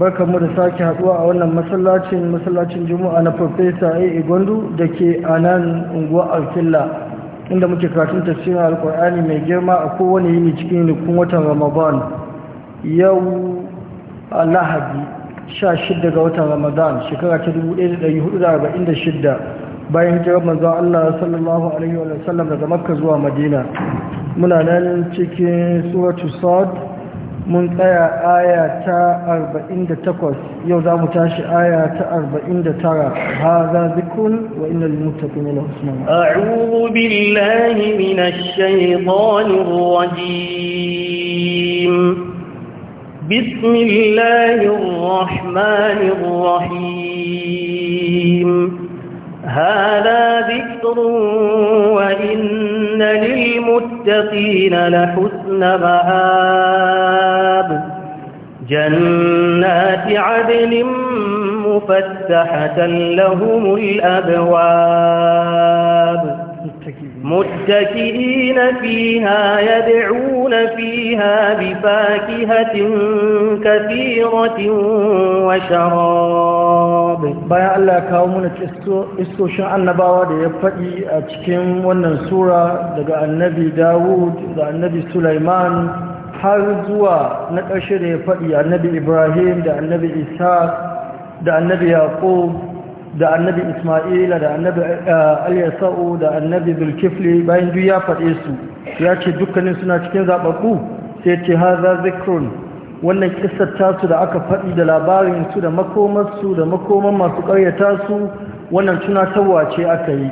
mu da sake haduwa a wannan masallacin masallacin juma'a na farfesa a igondu da ke a nan unguwa alkilla inda muke karatun tafsirin alkur'ani mai girma a kowane yini cikin nukun watan ramadan yau a lahadi 16 ga watan ramadan shekara ta 1446 bayan hijirar manzo allah sallallahu alaihi wa sallam daga makka zuwa madina muna nan cikin suratul sad mun tsaya aya ta 48 yau za mu tashi aya ta 49 haza zikun wa inna lil muttaqina la husna a'udhu billahi minash shaitanir rajim bismillahir rahmanir rahim hada zikrun wa inna إن للمتقين لحسن مآب جنات عدن مفتحة لهم الأبواب متكئين فيها يدعون فيها بفاكهة كثيرة وشراب bayan Allah ya kawo mana istoshin annabawa da ya faɗi a cikin wannan sura daga annabi Dawud da annabi Sulaiman har zuwa na ƙarshe da ya faɗi annabi Ibrahim da annabi Isa da annabi Yaqub da annabi Isma'ila da annabi eh, Al-Yasa'u da annabi Bilkifli bayan duk ya faɗe su ya ce dukkanin suna cikin zaɓaɓɓu sai ce haza zikrun wannan kisar tasu da aka faɗi da labarin su da makomarsu da makoman masu ƙaryata su wannan tunatarwa ce aka yi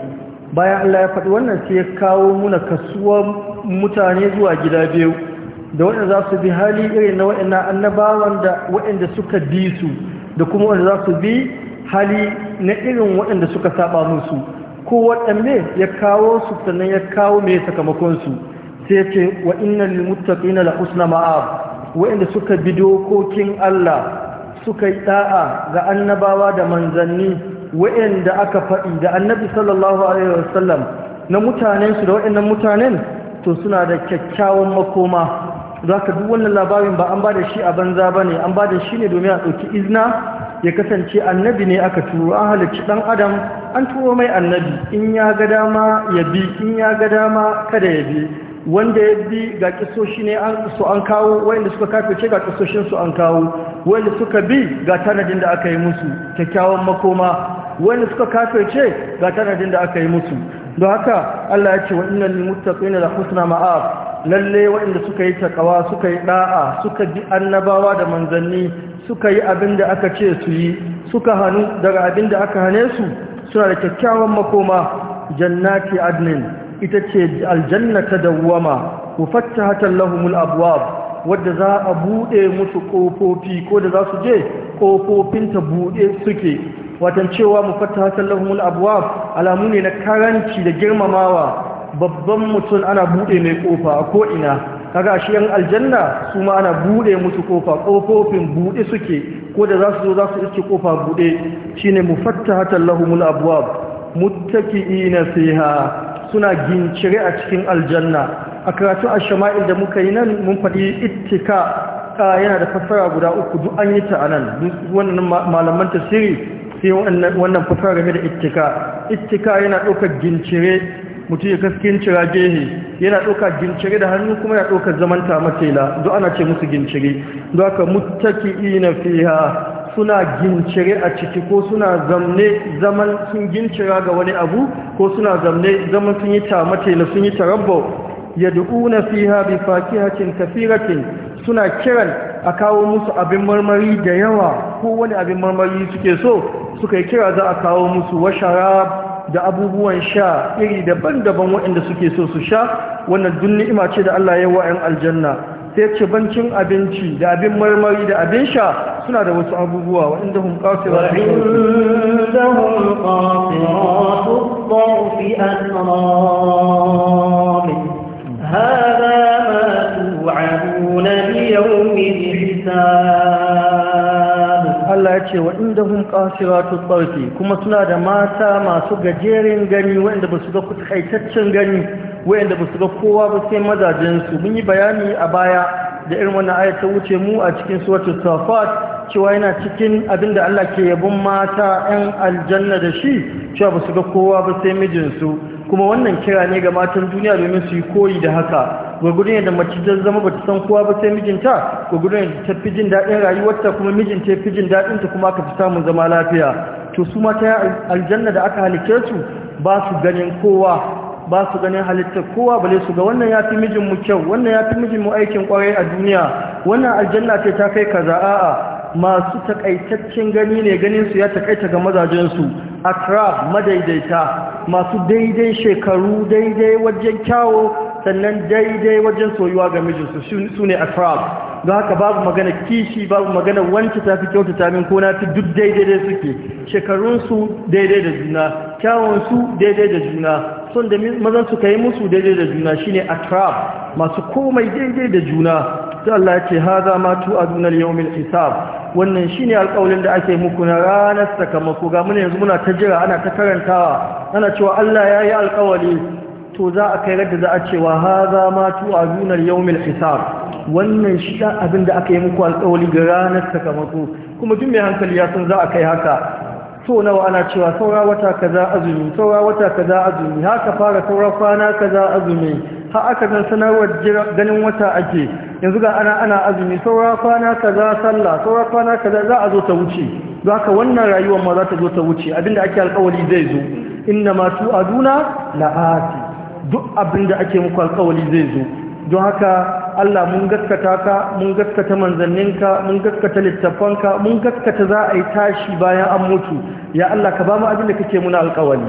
bayan Allah ya faɗi wannan sai ya kawo muna kasuwar mutane zuwa gida biyu da waɗanda za su bi hali irin na waɗanda annabawan da waɗanda suka bi su da kuma waɗanda za su bi hali na irin waɗanda suka saba musu ko waɗanne ya kawo su sannan ya kawo mai sakamakonsu sai ya ce wa inna lil muttaqina la husna ma'ab waɗanda suka bi dokokin Allah suka yi da'a ga annabawa da manzanni waɗanda aka faɗi da annabi sallallahu alaihi wasallam na su da waɗannan mutanen to suna da kyakkyawan makoma za ka duk wannan labarin ba an ba da shi a banza ba ne an ba da shi ne domin a ɗauki izna ya kasance annabi ne aka turo an halarci ɗan adam an turo mai annabi in ya ga dama ya bi in ya ga dama kada ya bi wanda ya bi ga kisoshi ne an su an kawo wanda suka kafirce ga kisoshin su an kawo wanda suka bi ga tanadin da aka yi musu kyakkyawan makoma wanda suka kafirce ga tanadin da aka yi musu don haka Allah ya ce wa innal muttaqina la husna ma'ab lalle wanda suka yi takawa suka yi da'a suka bi annabawa da manzanni suka yi abin da aka ce su yi suka hanu daga abin da aka hane su suna da kyakkyawan makoma jannati adnin ita ce aljanna ta dawwama mufattahatan lahumul abwab wadda za a buɗe musu kofofi ko da za su je kofofin ta bude suke watan cewa mufattahatan lahumul abwab alamu ne na karanci da girmamawa babban mutum ana buɗe mai ƙofa a ko ina kaga shi yan aljanna su ma ana buɗe musu kofa kofofin bude suke ko da za su zo za su iske kofa bude shine mufattahatan lahumul abwab ina fiha suna gincire a cikin aljanna a karatu a shama'il da muka yi nan mun faɗi ittika yana da fassara guda uku duk an yi ta a nan wannan malaman tasiri sai wannan fassara game da ittika ittika yana ɗaukar gincire mutum ya kaskin cira gehe yana ɗauka gincire da hannu kuma ya ɗaukar zamanta matela duk ana ce musu gincire don aka mutaki ina fiha suna gincire a ciki ko suna zamne zaman sun gincira ga wani abu ko suna zamne zaman sun yi tamatela sun yi tarabba yad'una fiha bi fakihatin kathiratin suna kiran a kawo musu abin marmari da yawa ko wani abin marmari suke so suka yi kira za a kawo musu wa da abubuwan sha iri daban-daban waɗanda suke so su sha wannan duk ni'ima ce da Allah ya 'yan aljanna sai ce bancin abinci da abin marmari da abin sha suna da wasu abubuwa waɗanda hun ƙasira su Allah ya ce waɗanda hun ƙasira su tsarki kuma suna da mata masu gajeren gani waɗanda ba su ga kuɗaitaccen gani wayanda ba su ga kowa ba sai mazajensu mun yi bayani a baya da irin wannan ayat ta wuce mu a cikin suratul safat cewa yana cikin abinda Allah ke yabon mata 'yan aljanna da shi cewa ba su ga kowa ba sai mijinsu kuma wannan kira ne ga matan duniya domin su yi koyi da haka gwagudun yadda mace ta zama ba ta san kowa ba sai mijinta gwagudun yadda ta fi jin daɗin rayuwarta kuma mijinta ya fi jin ta kuma aka fi samun zama lafiya to su mata aljanna da aka halicce su ba su ganin kowa ba su ganin halittar kowa bale su ga wannan ya fi mijinmu kyau wannan ya fi mijinmu aikin kwarai a duniya wannan aljanna ce ta kai kaza a'a masu takaitaccen gani ne ganin su ya takaita ga mazajensu atrab madaidaita masu daidai shekaru daidai wajen kyawo sannan daidai wajen soyuwa ga mijinsu su ne akra don haka babu magana kishi babu magana wancan ta fi kyautata min ko fi duk daidai da suke shekarunsu daidai da juna kyawunsu daidai da juna son da mazan suka yi musu daidai da juna shine atrab masu komai daidai da juna sai Allah ya ce haza ma tu'aduna al-yawmil hisab wannan shine alƙawarin da ake muku na ranar sakamako ga mun yanzu muna ta jira ana ta karantawa ana cewa Allah ya yi alƙawari to za a kai radda za a cewa haza ma tu'aduna al-yawmil hisab wannan shi abin da aka yi muku alƙawari ga ranar sakamako kuma duk mai hankali ya san za a kai haka so nawa ana cewa saura wata kaza azumi saura wata kaza azumi haka fara saura kwana kaza azumi ha aka zan sanarwar ganin wata ake yanzu ga ana ana azumi saura kwana kaza sallah saura kwana kaza za a zo ta wuce za ka wannan rayuwar ma za ta zo ta wuce abinda ake alkawari zai zo inna ma tu aduna la'ati duk abinda ake muku alkawari zai zo don haka Allah mun gaskata ka mun gaskata manzanninka mun gaskata littafanka mun gaskata za a yi tashi bayan an mutu ya Allah ka ba mu abin da kake muna alƙawari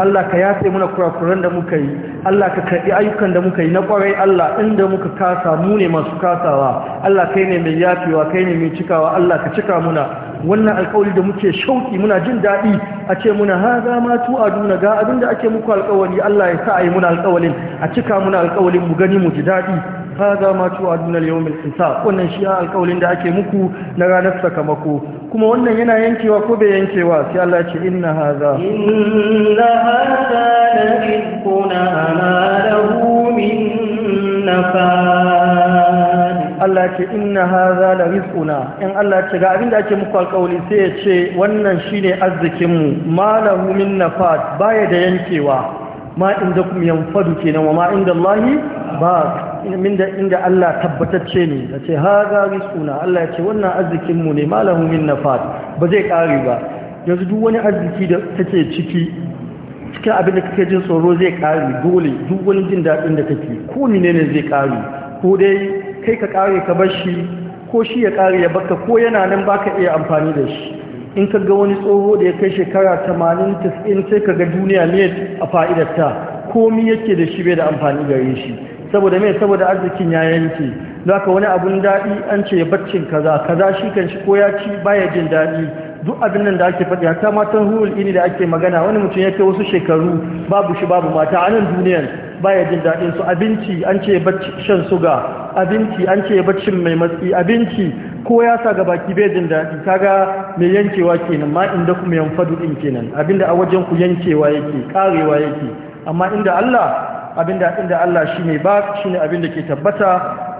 Allah ka yafe muna kurakuran da muka yi Allah ka karɓi ayyukan da muka yi na kwarai Allah inda muka kasa mu ne masu kasawa Allah kai ne mai yafewa kai ne mai cikawa Allah ka cika muna wannan alkawari da muke shauki muna jin daɗi a ce muna ha za ma duna ga abin da ake muku alkawari Allah ya sa a yi muna alkawarin a cika muna alkawarin mu gani mu ji daɗi hada ma tu'aduna al-yawm al-hisab wannan shi alƙawlin da ake muku na ranar sakamako kuma wannan yana yankewa ko bai yankewa sai Allah ya ce inna hada inna hada rizquna ma lahu min nafad Allah ce inna haza la rizquna in Allah ce ga abinda ake muku alƙawari sai ya ce wannan shine arzikin mu malahu min nafad baya da yankewa ma inda kum yanfadu kenan wa ma inda Allah ba inda Allah tabbatacce ne da ce haza risuna Allah ya ce wannan arzikinmu ne malahu min nafad ba zai ƙare ba yanzu duk wani arziki da take ciki cikin abin da kake jin tsoro zai ƙare dole duk wani jin daɗin da kake ko ne ne zai ƙare ko dai kai ka ƙare ka bar shi ko shi ya ƙare ya baka ko yana nan baka iya amfani da shi in ka ga wani tsoro da ya kai shekara 80 90 sai ka ga duniya ne a fa'idarta komi yake da shi bai da amfani gare shi saboda mai saboda arzikin ya yanke zaka wani abun daɗi an ce baccin kaza kaza shi kan shi ko ya ci baya jin daɗi duk abin nan da ake faɗi hatta matan hul ini da ake magana wani mutum ya kai wasu shekaru babu shi babu mata a nan duniyan baya jin daɗin su abinci an ce bacci shan suga abinci an ce baccin mai matsi abinci ko ya sa ga baki bai jin daɗi kaga mai yankewa kenan ma inda kuma yamfadu din kenan abinda a wajen ku yankewa yake karewa yake amma inda Allah abinda inda Allah shi ne ba shi ne abinda ke tabbata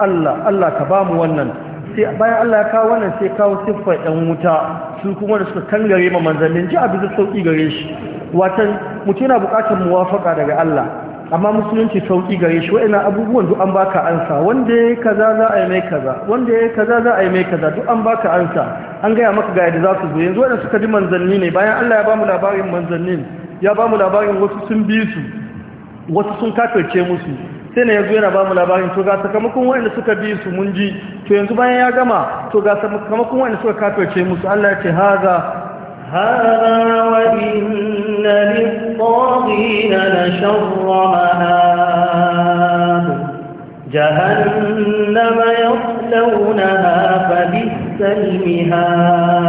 Allah Allah ka bamu wannan sai bayan Allah ya kawo wannan sai kawo siffar ɗan wuta su kuma da suka kangare ma manzannin ji abin sauƙi gare shi watan mutum yana buƙatar muwafaka daga Allah amma musulunci sauki gare shi wa'ina abubuwan duk an baka ansa wanda ya kaza za a yi mai kaza wanda ya kaza za a yi mai kaza duk an baka ansa an gaya maka ga yadda za su zo yanzu waɗanda suka ji manzanni ne bayan Allah ya ba mu labarin manzannin ya ba mu labarin wasu sun bi su wasu sun kafirce musu sai na yanzu yana ba mu labarin to ga sakamakon waɗanda suka bi su mun ji to yanzu bayan ya gama to ga sakamakon waɗanda suka kafirce musu Allah ya ce haza haza wa inna lit-taghina la sharra جهنم يصلونها فبئس المهاد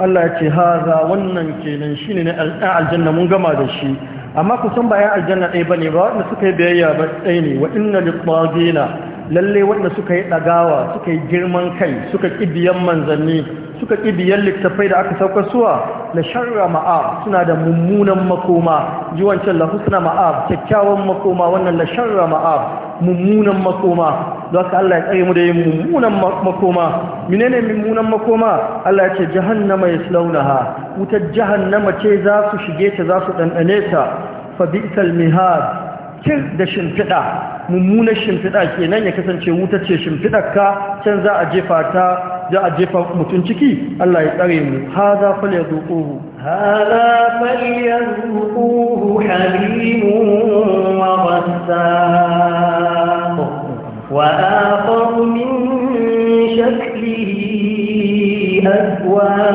Allah ya ce haza wannan kenan shine ne aljanna mun gama da shi amma ku san bayan aljanna ɗaya ne ba wanda suka yi biyayya ba ɗaya ne wa inna litagina lalle waɗanda suka yi ɗagawa suka yi girman kai suka kibiyan manzanni suka kibiyan littattafai da aka sauka suwa la sharra ma'ab suna da mummunan makoma ji wancan la ma'ab kyakkyawan makoma wannan la sharra ma'ab mummunan makoma don haka Allah ya tsare mu da yin mummunan makoma menene mummunan makoma Allah ya ce jahannama yaslaunaha wutar jahannama ce za su shige ta za su dandane ta fa bi'sal mihad kin da shimfida mummunan shimfida kenan ya kasance wuta ce shimfidar ka can za a jefa ta za a jefa mutum ciki Allah ya tsare mu haza falyazuquhu haza falyazuquhu halimun wa ghassaq وآخر من شكله أزواج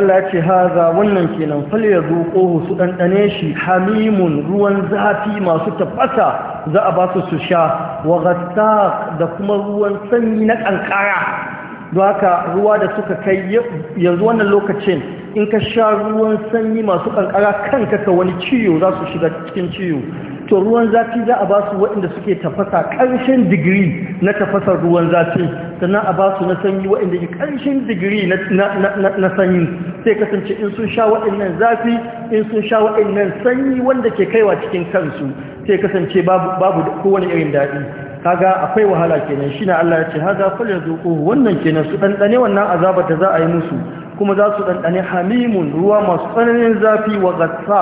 الله يكي هذا ونن كنن فليذوقوه سؤال أنيشي حميم روان زعفي ما ستبسا زعباس سشا وغساق دكما روان سمينك أنقرع دوكا روا da suka kai yanzu wannan lokacin in ka sha ruwan sanyi masu kankara kanka ka wani ciwo za su shiga cikin ciwo to ruwan zafi za a ba su waɗanda suke tafasa ƙarshen digiri na tafasar ruwan zafi sannan a ba su na sanyi waɗanda ke ƙarshen digiri na sanyi sai kasance in sun sha waɗannan zafi in sun sha waɗannan sanyi wanda ke kaiwa cikin kansu sai kasance babu kowane irin daɗi kaga akwai wahala kenan shi na Allah ya ce haza kullu yazuqu wannan kenan su dan dane wannan azaba da za a yi musu kuma za su ɗanɗane hamimun ruwa masu tsananin zafi wa gatsa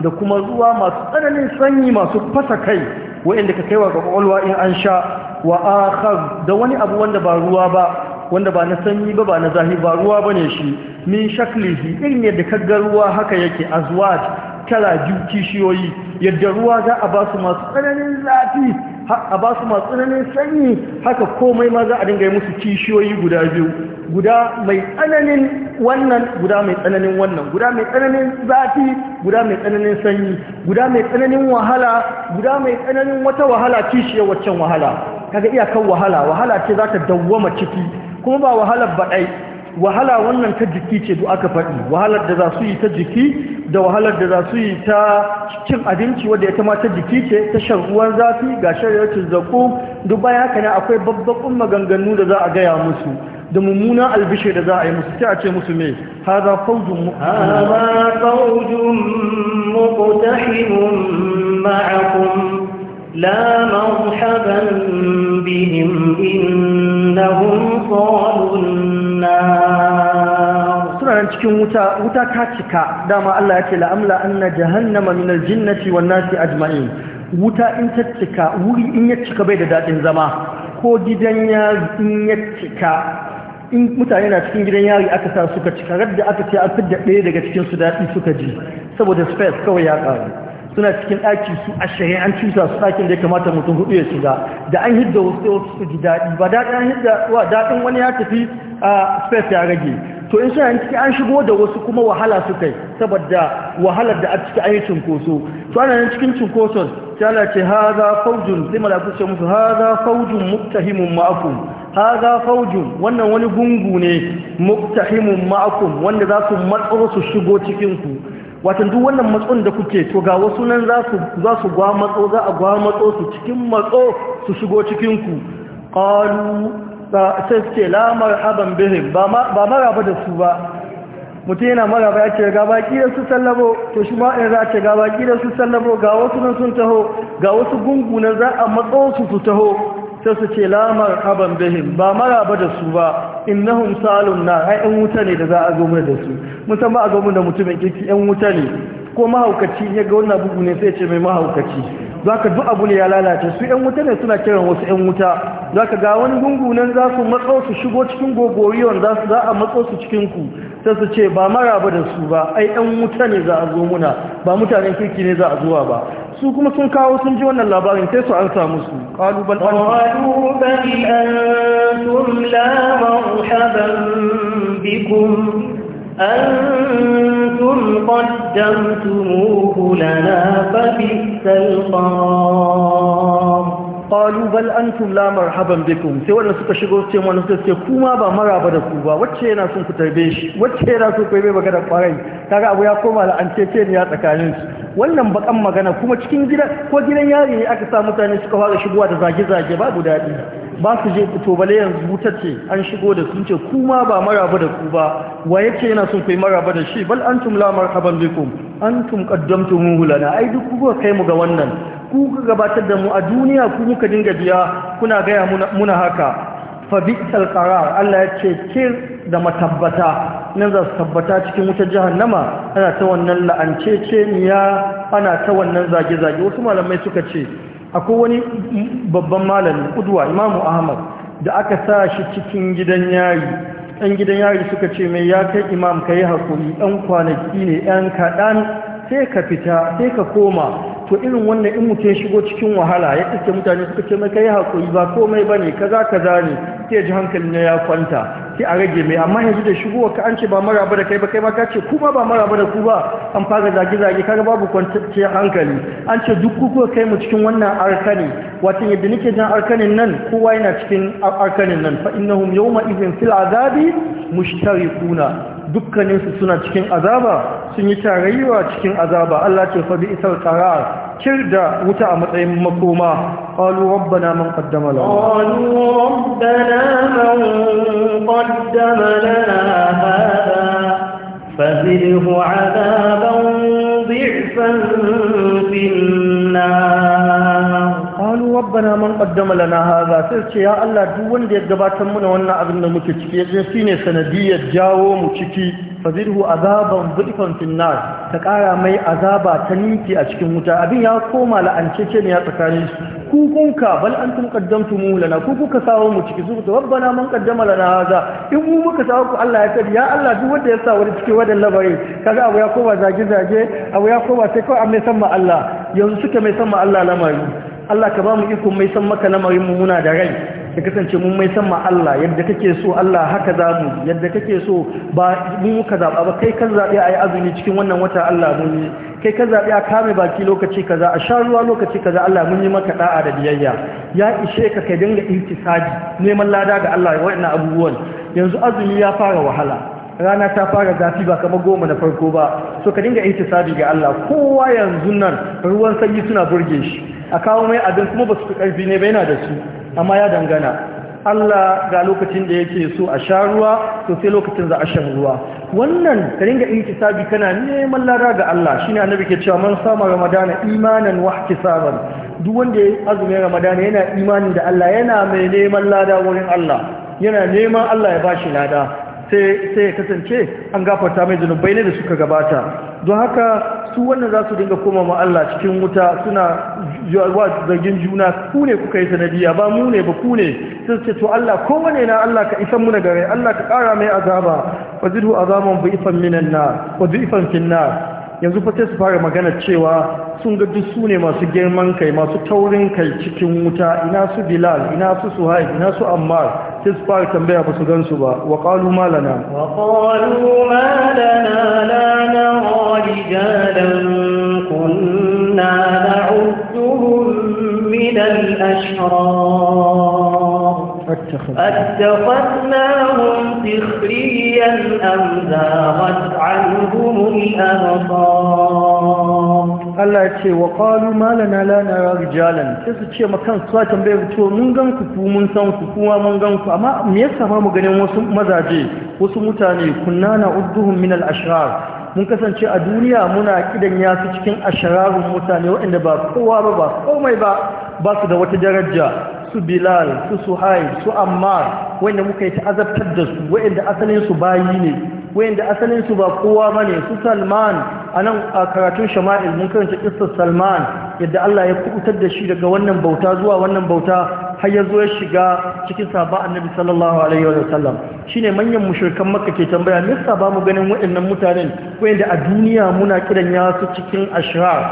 da kuma ruwa masu tsananin sanyi masu fasa kai wa'inda ka kai wa ƙwaƙwalwa in an sha wa akhar da wani abu wanda ba ruwa ba wanda ba na sanyi ba ba na zafi ba ruwa ba ne shi min shaklihi irin yadda ga ruwa haka yake azwaj kala biyu kishiyoyi yadda ruwa za a ba su masu tsananin zafi a ba su masu tsananin sanyi haka komai ma za a dinga yi musu kishiyoyi guda biyu guda mai tsananin wannan guda mai tsananin wannan guda mai tsananin zafi guda mai tsananin sanyi guda mai tsananin wahala guda mai tsananin wata wahala kishiyar waccan wahala kaga iyakar wahala wahala ce za ta dawwama ciki kuma ba wahalar baɗai wahala wannan ta jiki ce da aka faɗi wahalar da za su yi ta jiki da wahalar da za su yi ta cin abinci wadda ya tama ta jiki ce ta shan ruwan zafi ga shari'ar zaƙo duk bayan haka ne akwai babbaƙun maganganu da za a gaya musu da mummuna albishir da za a yi musu ta ce musu mai haza faujin mu'tahimun لا مرحبا بهم إنهم صالوا suna nan cikin wuta ta cika dama Allah ya ce la'amla anna jahannama min aljinnati wan nasi jima'i wuta in ta cika wuri in ya cika bai da dadin zama ko gidan yari in ya cika in mutane na cikin gidan yari aka sa suka cika radda aka ce a fidda ɗaya daga cikin su daɗi suka ji saboda space kawai ya ƙaru suna cikin ɗaki su a shahe an cuta su ɗakin da ya kamata mutum hudu ya shiga da an hidda wasu sai wasu su ji daɗi ba daɗin hidda wa daɗin wani ya tafi a space ya rage to in suna ciki an shigo da wasu kuma wahala su kai saboda wahalar da a ciki an yi cinkoso to ana nan cikin cinkoson tana ce haza faujun sai malaku ce musu haza faujun muktahimun ma'akum haza faujun wannan wani gungu ne muktahimun ma'akum wanda za su matso su shigo cikin ku watan duk wannan matsun da kuke to ga wasu nan za su matso za a matso su cikin matso su shigo cikinku ƙalu sai suke la marhaban bihim ba maraba da su ba mutum yana maraba ya ce ga baki da su sallabo to shi ma'in za ce ga baki da su sallabo ga wasu nan sun taho ga wasu gungu na za a matso su su taho sai su ce lamar aban bihim ba maraba da su ba innahum salun na ai wuta ne da za a zo mana da su musamman a zo da mutumin kirki yan wuta ne ko mahaukaci ya ga wannan bugu ne sai ce mai mahaukaci za ka duk abu ne ya lalace su ‘yan wuta ne suna kiran wasu ‘yan wuta za ka ga wani gungunan za su matso su shigo cikin gogoriyon za a matso su cikinku sai su ce ba maraba da su ba ai ‘yan wuta ne za a zo muna ba mutanen kirki ne za a zuwa ba su kuma sun kawo sun ji wannan labarin sai su an samu su qalu bal qalu bal antum la marhaban bikum أنتم قدمتموه لنا فبئس القرار qalu bal antum la marhaban bikum sai wannan suka shigo sai wannan suka ce kuma ba maraba da ku ba wacce yana son ku tarbe shi wacce yana son ku yi magana kwarai kaga abu ya koma la an ne ya tsakanin su wannan bakan magana kuma cikin gida ko gidan yari ne aka sa mutane suka fara shigowa da zage zage babu dadi ba su je fito bale yanzu wuta ce an shigo da sun ce kuma ba maraba da ku ba wa yake yana son ku yi maraba da shi bal antum la marhaban bikum antum qaddamtumuhu lana ai duk kuka kai mu ga wannan Kuka gabatar da mu a duniya ku muka dinga biya kuna gaya muna haka fa bi'sal qarar Allah ya ce kir da matabbata nan za su tabbata cikin wutar jahannama ana ta wannan la'ancece ya ana ta wannan zage-zage wasu malamai suka ce akwai wani babban malami kudwa imamu ahmad da aka sa shi cikin gidan yayi ɗan gidan yari suka ce mai ya kai imam ka yi haƙuri ɗan kwanaki ne ɗan kaɗan sai ka fita sai ka koma to irin wannan in mutum shigo cikin wahala ya iske mutane suka ce mai ka yi haƙuri ba komai ba ne kaza kaza ne ke ji hankalin ya kwanta sai a rage mai amma yanzu da shigowa ka an ce ba maraba da kai ba kai ma ka ce kuma ba maraba da ku ba an fara zage-zage kaga babu kwanciyar hankali an ce duk kuka kai mu cikin wannan arkani wata yadda nake jan arkanin nan kowa yana cikin arkanin nan fa innahum yawma idhin fil azabi mushtarikuna dukkaninsu suna cikin azaba sun yi tarayyawa cikin azaba Allah ce fa bi isal qarar kir wuta a matsayin makoma qalu rabbana man qaddama lana qalu rabbana man qaddama lana hada fazilhu adaban rabbana man qaddama lana hadha sai ce ya Allah duk wanda ya gabatar mana wannan abin da muke ciki yaje shine sanadiyar jawo mu ciki fazirhu azaban budifan finnar ta kara mai azaba ta ninki a cikin wuta abin ya koma la'ancece ne ya tsakanin su ku kunka bal antum mu lana ku kuka sawo mu ciki su rabbana man qaddama lana hadha in mu muka sawo ku Allah ya tsari ya Allah duk wanda ya sa wani ciki wadan labarin kaga abu ya koma zage zage abu ya koma sai kawai an mai san ma Allah yanzu suke mai san ma Allah lamari Allah ka ba mu iko mai san maka lamarin mu muna da rai ka kasance mun mai san ma Allah yadda kake so Allah haka za mu yadda kake so ba mu muka zaba ba kai kan zabi yi azumi cikin wannan wata Allah mun yi kai kan zabi a kame baki lokaci kaza a sha ruwa lokaci kaza Allah mun yi maka da'a da biyayya ya ishe ka kai dinga ihtisadi neman lada ga Allah wa'annan abubuwan yanzu azumi ya fara wahala rana ta fara zafi ba kamar goma na farko ba so ka dinga sabi ga Allah kowa yanzu nan ruwan sanyi suna burge shi a kawo mai abin kuma ba su fi karfi ne ba yana da su amma ya dangana Allah ga lokacin da yake so a sha ruwa to sai lokacin za a shan ruwa wannan ka dinga sabi kana neman lada ga Allah shine annabi ke cewa man sama ramadana imanan wa ihtisaban duk wanda ya azumin ramadana yana imani da Allah yana mai neman lada wurin Allah yana neman Allah ya bashi lada sai ya kasance an gafarta mai zunubai ne da suka gabata don haka su wannan za su dinga koma ma Allah cikin wuta suna zuwa zargin juna ku ne kuka yi sanadiya ba mu ne ba ku ne sun ce to Allah kowane na Allah ka isan muna gare Allah ka kara mai azaba zidu azaman bi ifan minan wa bi ifan finna yanzu fa sai su fara magana cewa sun ga duk su ne masu girman kai masu taurin kai cikin wuta ina su bilal ina su suhaib ina su ammar sai su fara tambaya ba su gan su ba wa qalu ma lana wa qalu ma lana la nara rijalan kunna na'udduhum min al-ashrar أتخذناهم سخريا أم زاغت عنهم الأبصار Allah ya ce wa qalu ma lana rijalan sai su ce makan su tambayar to mun gan ku ku mun san ku kuma mun gan ku amma me yasa ba mu ganin wasu mazaje wasu mutane kunna na udduhum min al ashrar mun kasance a duniya muna kidan ya cikin ashararun mutane waɗanda ba kowa ba ba komai ba ba su da wata daraja su bilal su suhaib su ammar wanda muka yi ta'azabtar da su wanda asalin su bayi ne wanda asalin su ba kowa bane su salman anan a karatun shama'il mun karanta kissar salman yadda Allah ya kubutar da shi daga wannan bauta zuwa wannan bauta har ya zo ya shiga cikin sahaba annabi sallallahu alaihi wa sallam shine manyan mushrikan makka ke tambaya me yasa ba mu ganin waɗannan mutanen wanda a duniya muna kiran ya su cikin ashrar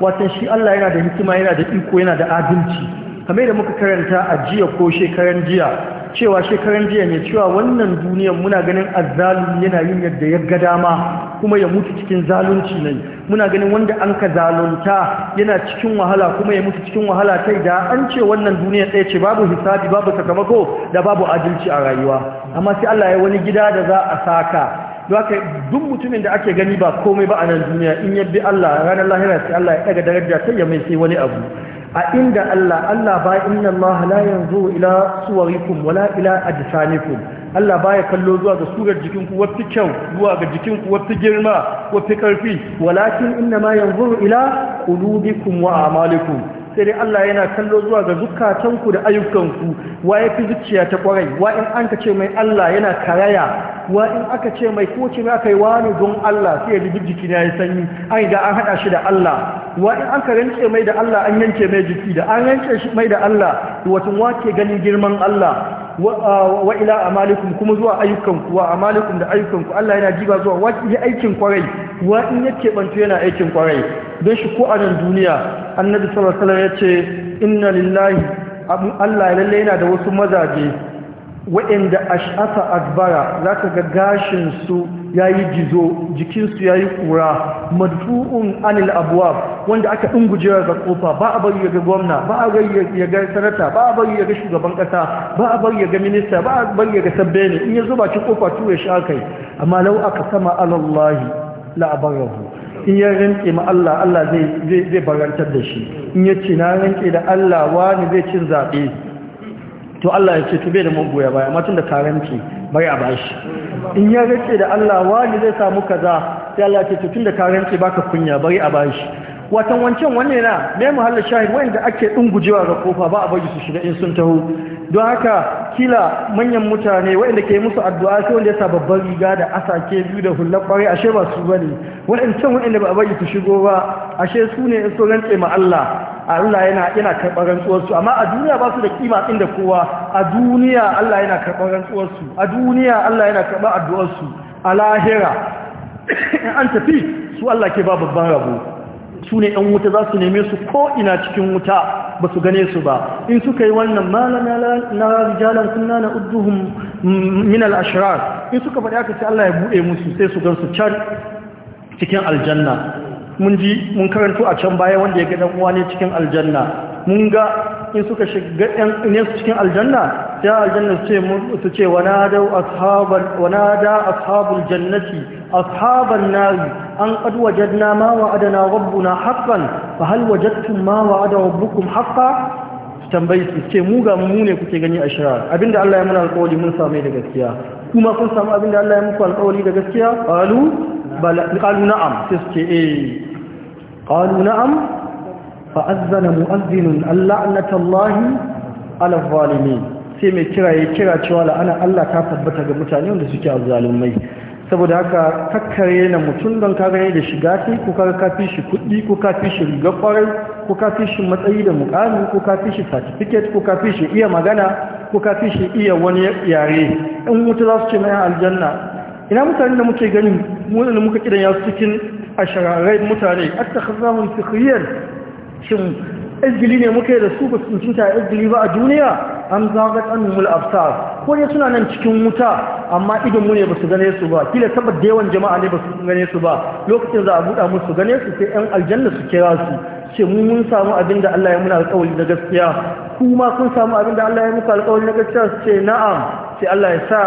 wato shi Allah yana da hikima yana da iko yana da adalci kamar da muka karanta a jiya ko shekaran jiya cewa shekaran jiya ne cewa wannan duniyar muna ganin azalun yana yin yadda ya ga dama kuma ya mutu cikin zalunci ne muna ganin wanda an ka zalunta yana cikin wahala kuma ya mutu cikin wahala kai da an ce wannan duniya ɗaya ce babu hisabi babu sakamako da babu adalci a rayuwa amma sai Allah ya wani gida da za a saka haka duk mutumin da ake gani ba komai ba a nan duniya in ya bi Allah ranar lahira sai Allah ya daga daraja sai ya mai sai wani abu a inda Allah Allah ba inna Allah la yanzu ila suwarikum wala ila ajsamikum Allah baya kallo zuwa ga surar jikin ku kyau zuwa ga jikin ku wata girma wafi karfi walakin inna ma yanzu ila qulubikum wa a'malikum sai dai Allah yana kallo zuwa ga zukatanku da ayyukanku wa ya fi zuciya ta kwarai wa in an ka ce mai Allah yana karaya wa in aka ce mai kowace mai aka yi wani don Allah sai ya dubi jiki na ya sanyi an ga an haɗa shi da Allah wa in an ka rance mai da Allah an yanke mai jiki da an yanke mai da Allah watan wake ganin girman Allah wa ila amalikum kuma zuwa ayyukanku wa amalikum da ayyukanku Allah yana jiba zuwa wani aikin kwarai wa in yake bantu yana aikin kwarai dan shi ko a nan duniya annabi sallallahu alaihi wasallam yace inna lillahi Allah lalle yana da wasu mazaje waɗanda ash'asa adbara za ka ga gashinsu ya yi jizo, jikinsu ya yi ƙura madfu'un anil abuwa wanda aka ɗunguje ga kofa ba a bari ya ga gwamna ba a bari ya ga sanata ba a bari ya ga shugaban ƙasa ba a bari ya ga minista ba a bari ya ga sabbe ne in ya zuba ci ƙofa tuwe shi aka yi amma lau aka sama alallahi la'abarahu in ya rinke ma Allah Allah zai barantar da shi in ya ce na rinke da Allah wani zai cin zaɓe to Allah ya ce to da magoya baya amma tunda karanci bari a bashi in ya rike da Allah wani zai samu kaza sai Allah ya ce to tunda karanci baka kunya bari a bashi watan wancan wanne na mai muhallin shahid wanda ake gujewa ga kofa ba a bari su shiga in sun taho don haka kila manyan mutane waɗanda ke musu addu'a sai wanda ya sa babban riga da asake biyu da hullar kwarai ashe ba su bane waɗancan wanda ba a bari su shigo ba ashe su ne in so rantse ma Allah Allah yana yana karɓar su. amma a duniya ba su da kima inda kowa a duniya Allah yana karɓar rantsuwar su. a duniya Allah yana karɓar addu'ar su a lahira in an tafi su Allah ke ba babban rabo su ne ‘yan wuta za su neme su ko ina cikin wuta ba su gane su ba in suka yi wannan malam na rijalan kunna na udduhun minal ashirar in suka faɗi aka ce Allah ya buɗe musu sai su gan su can cikin aljanna mun ji mun karanto a can baya wanda ya ga dan uwa ne cikin aljanna mun ga in suka shiga ɗan ne cikin aljanna sai aljanna su ce su ce wa nada ashaban wa nada ashabul jannati ashaban nar an qad wajadna ma wa'adana rabbuna haqqan fa hal wajadtum ma wa'ada rabbukum haqqan tambayi su ce mu ga mu ne kuke gani a shirar abinda Allah ya muna alƙawari mun samu da gaskiya kuma kun samu abinda Allah ya muku alƙawari da gaskiya qalu bala qalu na'am sai su ce eh قالوا نعم فأذن مؤذن اللعنة الله على الظالمين sai mai kira ya أنا ألا la'ana Allah ta الظالمين suke azzalumai saboda haka kakkare na mutum don kagare da shiga ce ko ka kafi shi kuɗi ko fi shi riga kwarai ko fi shi matsayi da mukami ko fi shi certificate ko fi shi iya magana ko fi shi iya wani yare in mutu za su ce mai aljanna ina mutane da muke gani mu da muka kidan ya cikin a mutane attakhazahum sikhiyan shin izgili ne muke da su ba su cinta izgili ba a duniya an zaga tsanumul afsar ko ne suna nan cikin wuta amma idonmu ne ba su gane su ba kila saboda yawan jama'a ne ba su gane su ba lokacin za a buɗa musu gane su sai 'yan aljanna su kira su ce mu mun samu abin da Allah ya muna alƙawari na gaskiya kuma kun samu abin da Allah ya muka alƙawari na gaskiya ce na'am sai Allah ya sa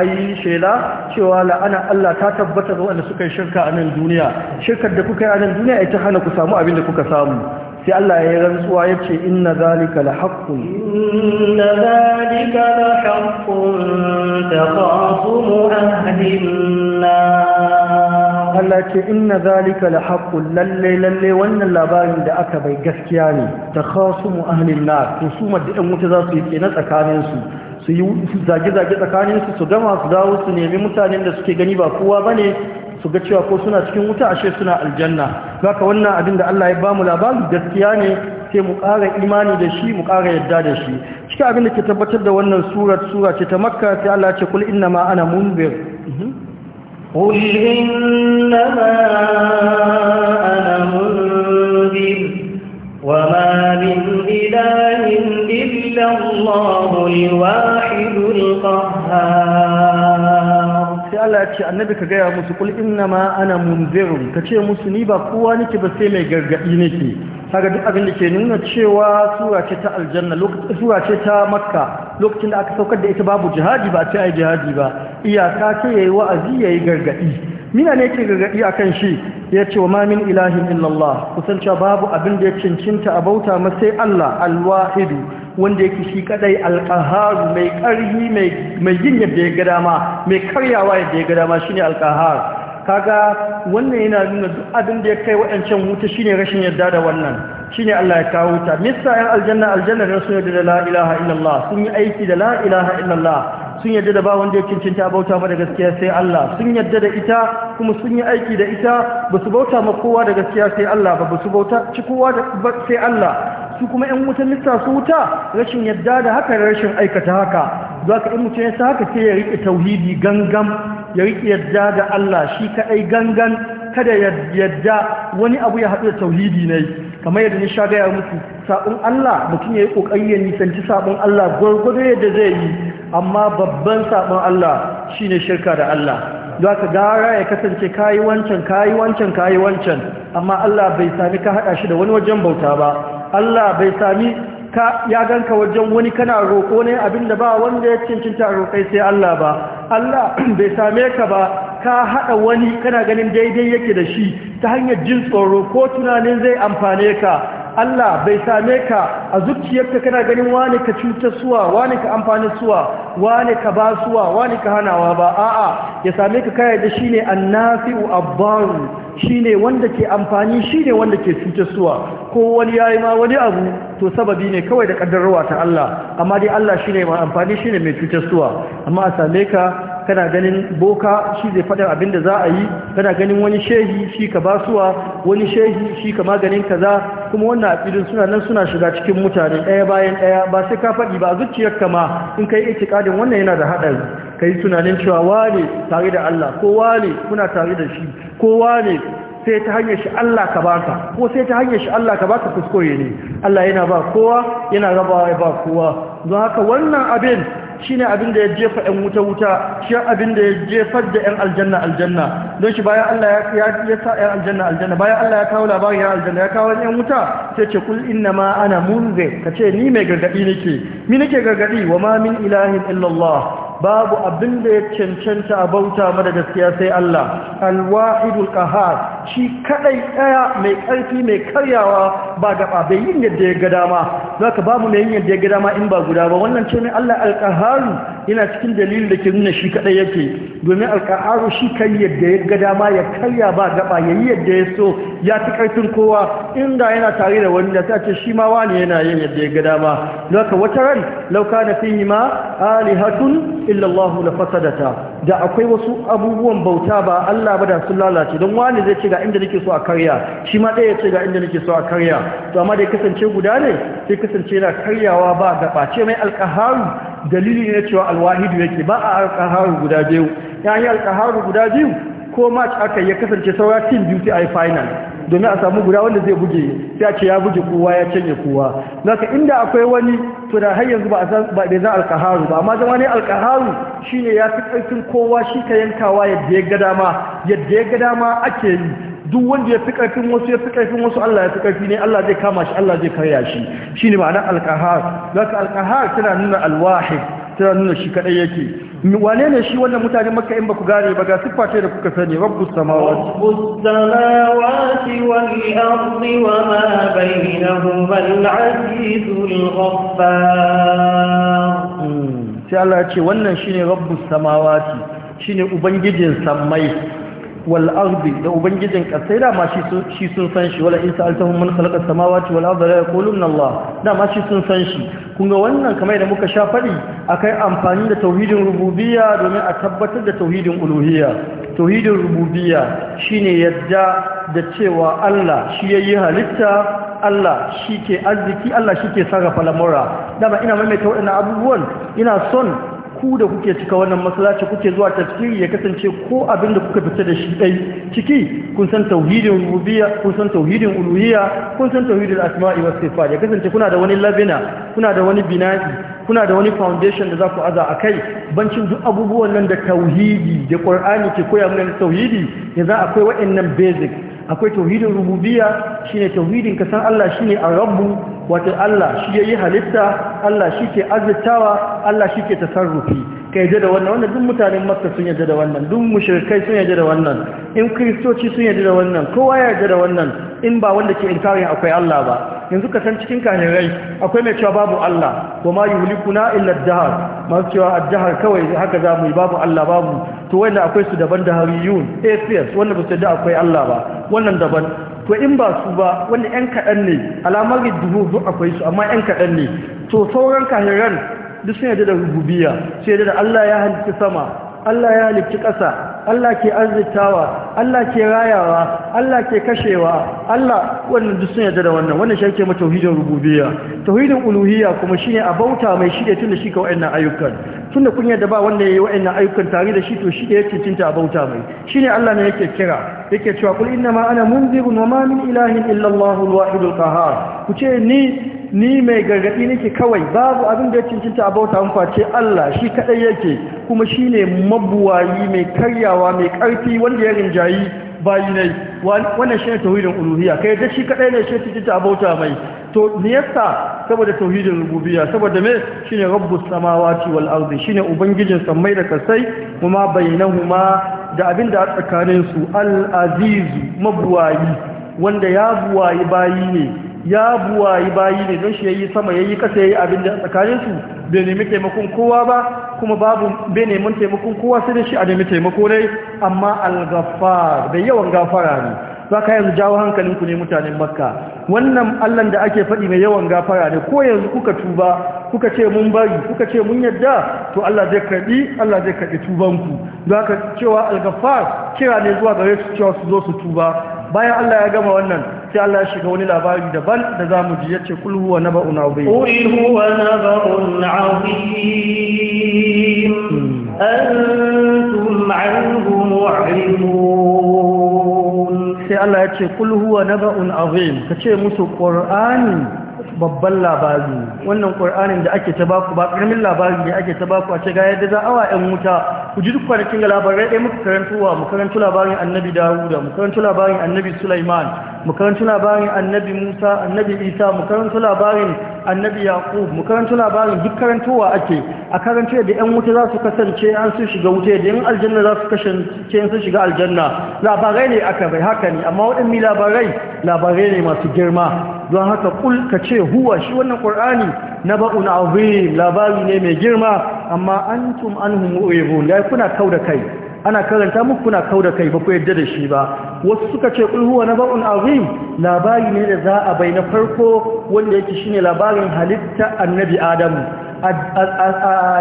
ayi shela cewa la'ana Allah ta tabbata ga wanda suka yi shirka a nan duniya shirkar da kuka yi a nan duniya ita hana ku samu abin da kuka samu sai Allah ya rantsuwa ya ce inna zalika la haqqun inna zalika la haqqun taqasumu ahlin ya ce inna zalika la haqqul lalle lalle wannan labarin da aka bai gaskiya ne ta khasumu ahlin nar to su maddan wuta za su yi na tsakanin su su yi zage zage tsakanin su su gama su dawo su nemi mutanen da suke gani ba kowa bane su ga cewa ko suna cikin wuta ashe suna aljanna haka wannan abin da Allah ya ba mu gaskiya ne sai mu ƙara imani da shi mu ƙara yadda da shi cikin abin da ke tabbatar da wannan surat sura ce ta makka sai Allah ya ce kul inna ma ana munbir mhm. قل إنما أنا منذر وما من إله إلا الله الواحد القهار Allah ce annabi ka gaya musu kul innama ana munzirun ka ce musu ni ba kowa nake ba sai mai gargadi nake kaga duk abin da ke nuna cewa sura ce ta aljanna lokacin ta makka lokacin da aka saukar da ita babu jihadi ba ce ai jihadi ba iyaka ce yayi wa'azi yayi gargadi mina ne yake gargadi akan shi ya ce wa ma min ilahin illallah kusancewa babu abin da ya cincinta a bauta ma sai Allah alwahidu wanda yake shi kadai alqahar mai karhi mai yin yadda ya ga dama mai karyawa yadda ya ga dama shine alqahar kaga wannan yana nuna duk abin da ya kai waɗancan wuta shine rashin yarda da wannan shine Allah ya kawo ta mista yan aljanna aljanna da sun yadda da la ilaha illallah sun yi aiki da la ilaha illallah sun yarda da ba wanda ya cincinta bauta ba da gaskiya sai Allah sun yarda da ita kuma sun yi aiki da ita ba su bauta ma kowa da gaskiya sai Allah ba ba su bauta ci kowa sai Allah su kuma yan wutan lissa su wuta rashin yadda da haka rashin aikata haka za ka in mutum ya sa haka sai ya riƙe tauhidi gangan ya riƙe yadda da Allah shi kaɗai gangan kada yadda wani abu ya haɗu da tauhidi ne kamar yadda ni sha gaya mutu sabon Allah mutum ya yi ƙoƙari ya nisanci sabon Allah gwargwado yadda zai yi amma babban sabon Allah shi ne shirka da Allah za ka gara ya kasance kayi wancan kayi wancan kayi wancan amma Allah bai sami ka haɗa shi da wani wajen bauta ba Allah bai sami ka ya ganka wajen wani kana roƙo ne da ba wanda ya cincinta roƙai sai Allah ba Allah bai same ka ba ka haɗa wani kana ganin daidai yake da shi ta hanyar jin tsoro ko tunanin zai amfane ka Allah bai same ka a zuciyarka kana ganin wani ka cutar suwa wani ka amfani suwa wani ka ba suwa wani ka hanawa ba a'a ya same ka kayar da shine annafi'u abbaru shine wanda ke amfani shine wanda ke cutar suwa ko wani yayi ma wani abu to sababi ne kawai da kaddarwa ta Allah amma dai Allah shine mai amfani shine mai cutar suwa amma a same ka kana ganin boka shi zai faɗa abin da za a yi kana ganin wani shehi shi ka basuwa wani shehi shi ka maganin kaza kuma wannan abin suna nan suna shiga cikin mutane ɗaya bayan ɗaya ba sai ka faɗi ba zuciyarka ma in kai itikadin wannan yana da haɗari kai tunanin cewa wane tare da Allah ko wane kuna tare da shi ko wane sai ta hanyar shi Allah ka baka ko sai ta hanyar shi Allah ka baka kuskure ne Allah yana ba kowa yana raba ba kowa don haka wannan abin shine abin da ya jefa 'yan wuta wuta shi abin da ya jefar da 'yan aljanna aljanna don shi bayan Allah ya sa 'yan aljanna aljanna bayan Allah ya kawo labarin ya aljanna ya kawo 'yan wuta sai ce kul inna ma ana Munze, ka ce ni mai gargaɗi nake mi nake gargaɗi wa ma min ilahin illallah babu abin da ya cancanta a bauta mada gaskiya sai Allah alwahidul qahar shi kadai daya mai karfi mai karyawa ba gaba bai yin yadda ya ga dama zaka babu mai yin yadda ya gida ma in ba guda ba wannan ce ne Allah alqaharu Ina cikin dalilin da ke nuna shi kadai yake domin alƙa'aru shi kan yadda ya ga dama ya karya ba gaba ya yi yadda ya so ya fi ƙarfin kowa inda yana tare da wani da ta ce shi ma wani yana yin yadda ya ga dama lauka wata ran lauka na fi yi ma alihatun illallahu la fasadata da akwai wasu abubuwan bauta ba Allah ba da sun lalace don wani zai ce ga inda nake so a karya shi ma ɗaya ya ce ga inda nake so a karya to amma da ya kasance guda ne sai kasance yana karyawa ba gaba ce mai alƙaharu dalili ne cewa alwahidu yake ba a alkaharu guda biyu ya yi alkaharu guda biyu ko match aka ya kasance saura team duty a final domin a samu guda wanda zai buge sai a ce ya buge kowa ya canye kowa naka inda akwai wani to da har yanzu ba a san ba dai za alkaharu ba amma zama ne alkaharu shine ya fi karfin kowa shi ka yankawa yadda ya ga dama yadda ya ga dama ake yi duk wanda ya fi ƙarfin wasu ya fi ƙarfin wasu Allah ya fi ƙarfi ne Allah zai kama shi Allah zai karya shi Shi shine ma'anar alqahar zaka alqahar tana nuna alwahi, tana nuna shi kadai yake wane ne shi wannan mutane makka in ku gane ba ga siffa ce da kuka sani rabbu samawati rabbus samawati wal ardi wa ma bainahuma al azizul ghaffar hmm. sai Allah ya ce wannan shine rabbu samawati shine ubangijin sammai wal da ubangijin kasai da ma shi sun san shi wala in sa'altahum man khalaqa samawati wal ardi la yaquluna Allah da shi sun san shi kunga wannan kamar da muka sha faɗi? a kai amfani da tauhidin rububiya domin a tabbatar da tauhidin uluhiya tauhidin shi shine yadda da cewa Allah shi yayi halitta Allah shi ke arziki Allah shi ke sarrafa lamura dama ina maimaita waɗannan abubuwan ina son ku da kuke cika wannan masallaci kuke zuwa tafsiri ya kasance ko abin da kuka fita da shi ɗai ciki kun san tauhidin rububiyya kun san tauhidin uluhiyya kun san tauhidin asma'i was sifat ya kasance kuna da wani labina kuna da wani bina'i kuna da wani foundation da za ku aza akai bancin duk abubuwan nan da tauhidi da qur'ani ke koya mana tauhidi yanzu akwai waɗannan basics akwai tauhidin rububiya shine tauhidin ka san Allah shine ar-rabbu wato Allah shi yayi halitta Allah shi ke azurtawa Allah shi ke tasarrufi kai da wannan wannan duk mutanen Makka sun yarda da wannan duk mushrikai sun yarda da wannan in kristoci sun yarda da wannan kowa ya yarda da wannan in ba wanda ke inkarin akwai Allah ba yanzu ka san cikin kahirai akwai mai cewa babu Allah ko ma yuhlikuna illa ad-dahr masu cewa ad-dahr kawai haka za mu yi babu Allah babu to wanda akwai su daban da hariyun atheists wanda ba su da akwai Allah ba wannan daban to in ba su ba wanda yan kaɗan ne alamar dubu akwai su amma yan kaɗan ne to sauran kahiran duk sun yadda da rububiya sai yadda da Allah ya halitta sama Allah ya halicci ƙasa Allah ke arzikawa. Allah ke rayawa Allah ke kashewa Allah wannan duk sun yarda da wannan wannan shi ake mata tauhidin rububiyya tauhidin uluhiyya kuma shine a bauta mai shi da tunda shi ka wa'annan ayyukan tunda kun yadda ba wanda yayi wa'annan ayyukan tare da shi to shi da ya cinta a bauta mai shine Allah ne yake kira yake cewa kul inna ma ana munzirun wa ma min ilahin illa Allahu al-wahidul qahhar kuce ni ni mai gargadi nake kawai babu abin da ya cincinta a bauta mun face Allah shi kadai yake kuma shine mabuwayi mai karyawa mai karfi wanda ya rinjayi bayi ne wannan shine tauhidin uluhiyya kai da shi kadai ne shi cincinta a bauta mai to me yasa saboda tauhidin rububiyya saboda me shine rabbus samawati wal ardi shine ubangijin samai da kasai kuma bainahuma da abin da a tsakaninsu al'azizu mabuwayi wanda ya buwayi bayi ne ya buwayi bayi ne don shi ya yi sama ya yi kasa ya yi abin da a tsakaninsu bai nemi taimakon kowa ba kuma babu bai neman taimakon kowa sai da shi a nemi taimako ne amma al-ghaffar da yawan gafara ne saka yanzu jawo ku ne mutanen makka wannan allan da ake faɗi mai yawan gafara ne ko yanzu kuka tuba kuka ce mun bari kuka ce mun yadda to Allah zai karbi Allah zai karbi tubanku don haka cewa al kira ne zuwa gare su cewa su zo su tuba bayan Allah ya gama wannan sai Allah ya shiga wani labari daban da zamu ji yace kul huwa naba'un azim kul huwa naba'un azim hmm. antum anhu mu'ridun sai Allah ya ce kul naba'un azim ce musu ƙor'ani babban labari wannan ƙwar'anin da ake ta baku ba ƙaramin labari ne ake ta baku a ce ga yadda za a wa 'yan wuta ku ji duk kwanakin ga labarai ɗaya muka karantuwa mu karantu labarin annabi dawuda mu karantu labarin annabi sulaiman mu karantu labarin annabi musa annabi isa mu karantu labarin annabi yaqub mu karantu labarin duk karantuwa ake a karantu yadda 'yan wuta za su kasance an sun shiga wuta yadda 'yan aljanna za su kasance sun shiga aljanna labarai ne aka bai haka ne amma waɗannan labarai labarai ne masu girma don haka kul ka ce huwa shi wannan na naba'un azim labari ne mai girma amma antum anhum mu'ribun dai kuna da kai ana karanta muku kuna da kai ba ku yadda da shi ba wasu suka ce Kulhuwa na naba'un azim labari ne da za a bai na farko wanda yake shine labarin halitta annabi adamu a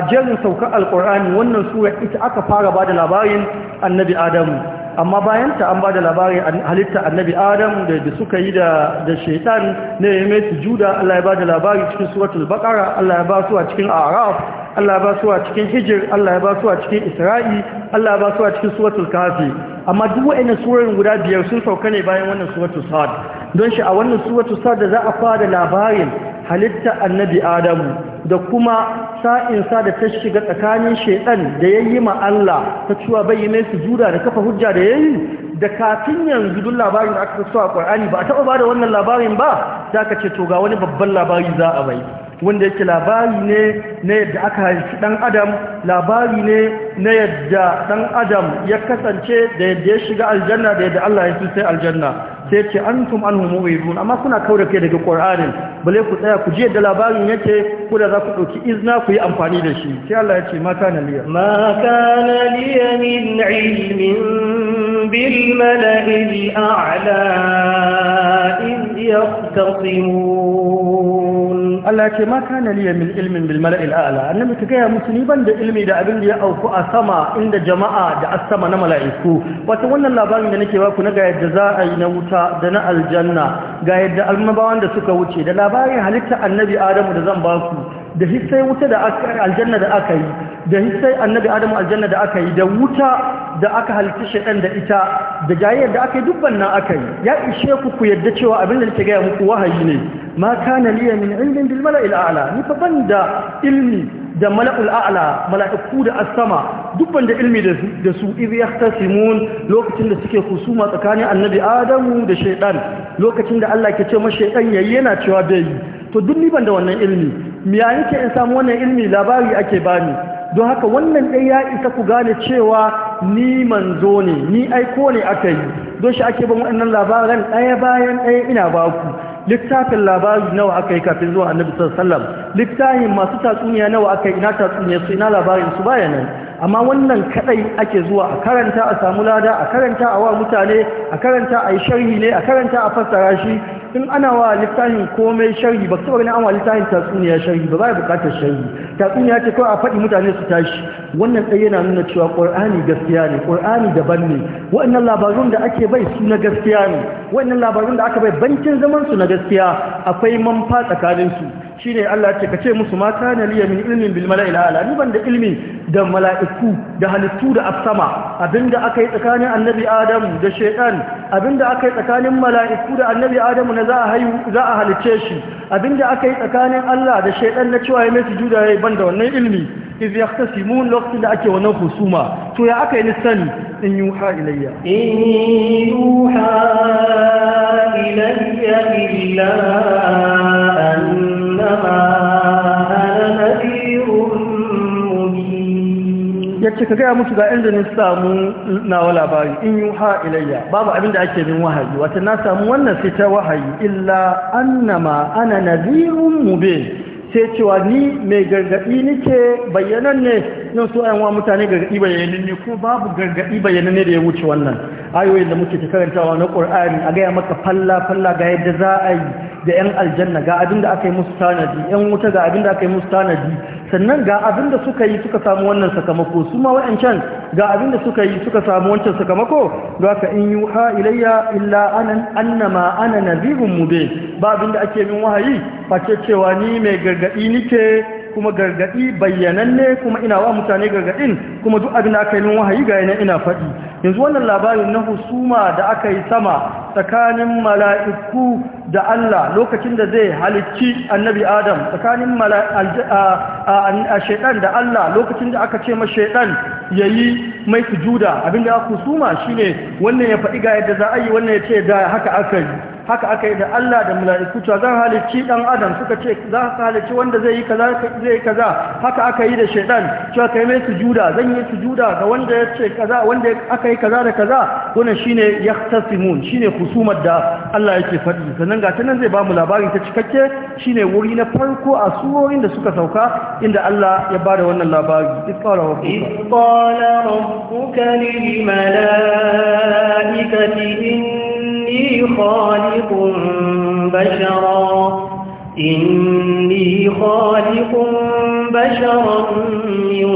jerin saukar alkur'ani wannan sura ita aka fara ba da labarin annabi adamu amma bayanta an ba da labarin halitta annabi Adamu da suka yi da shaitan ne ya mai sujuda Allah ya ba da labari cikin suratul baqara Allah ya ba su a cikin araf Allah ya ba su a cikin hijir Allah ya ba su a cikin isra'i Allah ya ba su a cikin suratul kafi amma duk wa'annan surorin guda biyar sun sauka ne bayan wannan suratul sad don shi a wannan suratu sa da za a fara labarin halitta annabi adamu da kuma sa'in sa da ta shiga tsakanin shaidan da ya yi Allah ta cewa bai mai sujuda da kafa hujja da ya yi da kafin yanzu dun labarin da aka so a ƙwar'ani ba a taɓa ba da wannan labarin ba za ka ce to ga wani babban labari za a bai wanda yake labari ne na yadda aka haifi ɗan adam labari ne na yadda ɗan adam ya kasance da yadda ya shiga aljanna da yadda Allah ya sai aljanna sai ce an tum an homo run amma kuna kaura kai daga ƙwar'anin bale ku tsaya ku ji yadda labarin yake ku da za ku ɗauki izna ku yi amfani da shi sai Allah ya ce ma kana liya ma kana liya min ilmin bil mala'il a'la iz yaqtasimun Allah ce ma kana liya min ilmin bil mala'il a'la annabi ka gaya musu ni ban da ilmi da abin da ya auku a sama inda jama'a da as-sama na mala'iku wato wannan labarin da nake baku na ga yadda za a yi na wuta da na aljanna ga yadda almabawan da suka wuce da labarin halitta annabi Adamu da zan baku da hissai wuta da aljanna da aka yi da hissai annabi Adamu aljanna da aka yi da wuta da aka halitta shaytan da ita da jayyar da aka yi dubban nan aka yi ya ishe ku ku yadda cewa abin da nake gaya muku wahayi ne ma kana liya min indin bil mala'il a'la ni fa banda ilmi da mala'ul a'la mala'iku da as-sama duk banda ilmi da da su iz yahtasimun lokacin da suke kusuma tsakanin annabi adamu da shaytan lokacin da Allah ke ce ma shaytan yayi yana cewa bai to duk ni banda wannan ilmi miya yake in samu wannan ilmi labari ake bani don haka wannan ɗaya ya isa ku gane cewa ni manzo ne ni aiko ne aka yi don shi ake ban waɗannan labaran ɗaya bayan ɗaya ina baku littafin labari nawa aka yi kafin zuwa annabi sallallahu alaihi wasallam littafin masu tatsuniya nawa aka yi ina tatsuniyar su ina labarin su bayanan. amma wannan kadai ake zuwa a karanta a samu lada a karanta a wa mutane a karanta a yi sharhi ne a karanta a fassara shi in ana wa littafin komai sharhi ba su na an wa littafin tatsuniya sharhi ba bai bukatar sharhi tatsuniya ce kawai a faɗi mutane su tashi wannan ɗaya yana nuna cewa ƙur'ani gaskiya ne ƙur'ani daban ne waɗannan labarun da ake bai su na gaskiya ne waɗannan labarun da aka bai bankin zaman su na gaskiya akwai manfa tsakaninsu ne Allah ce kace musu mata na liya min ilmin bilmala mala'il ni ban da ilmi da mala'iku da halittu da afsama abinda aka yi tsakanin annabi Adam da shaytan abinda aka yi tsakanin mala'iku da annabi Adam na za a hayu a halice shi abinda aka yi tsakanin Allah da shaytan na cewa ya mai sujuda yayi ban da wannan ilmi iz yahtasimun lokacin da ake wannan husuma to ya aka yi ni sani in yuha ilayya in yuha ilayya illa ya cika ka gaya musu ga inda na samu nawa labari in yi ha ilayya babu abin da ake min wahayi wata na samu wannan fita wahayi illa annama ana nazirun mubin sai cewa ni mai gargaɗi nike bayanan ne nan su ayan mutane gargaɗi bayanan ne ko babu gargaɗi bayanan ne da ya wuce wannan ayoyin da muke karantawa na Qur'ani a gaya maka falla falla ga yadda za a yi da yan aljanna ga abin da aka yi musu tanadi yan wuta ga abin da aka yi musu tanadi sannan ga abin da suka yi suka samu wannan sakamako su ma wa'ancan ga abin da suka yi suka samu wancan sakamako ga ka in yuha ilayya illa annama ana nazirun mubin ba abin da ake min wahayi face cewa ni mai gargaɗi gargadi nike kuma gargadi bayyananne kuma ina wa mutane gargaɗin kuma duk abin da aka yi min wahayi ga yana ina faɗi yanzu wannan labarin na husuma da aka yi sama tsakanin mala'iku da Allah lokacin da zai halicci annabi Adam tsakanin a shaidan da Allah lokacin da aka ce ma shaidan ya yi mai sujuda da aka husuma shine wannan ya faɗi ga yadda za a yi wannan ya ce da haka aka yi haka aka yi da Allah da mala'iku cewa zan halicci dan adam suka ce za ka halicci wanda zai yi kaza zai kaza haka aka yi da shaidan cewa kai mai sujuda zan yi sujuda ga wanda ya ce kaza wanda aka yi kaza da kaza wannan shine yahtasimun shine husumar da Allah yake faɗi sannan ga tanan zai ba mu labari ta cikakke shine wuri na farko a surorin da suka sauka inda Allah ya bada wannan labari iqala rabbuka qala rabbuka lil mala'ikati إني خالق بشرا إني خالق بشرا من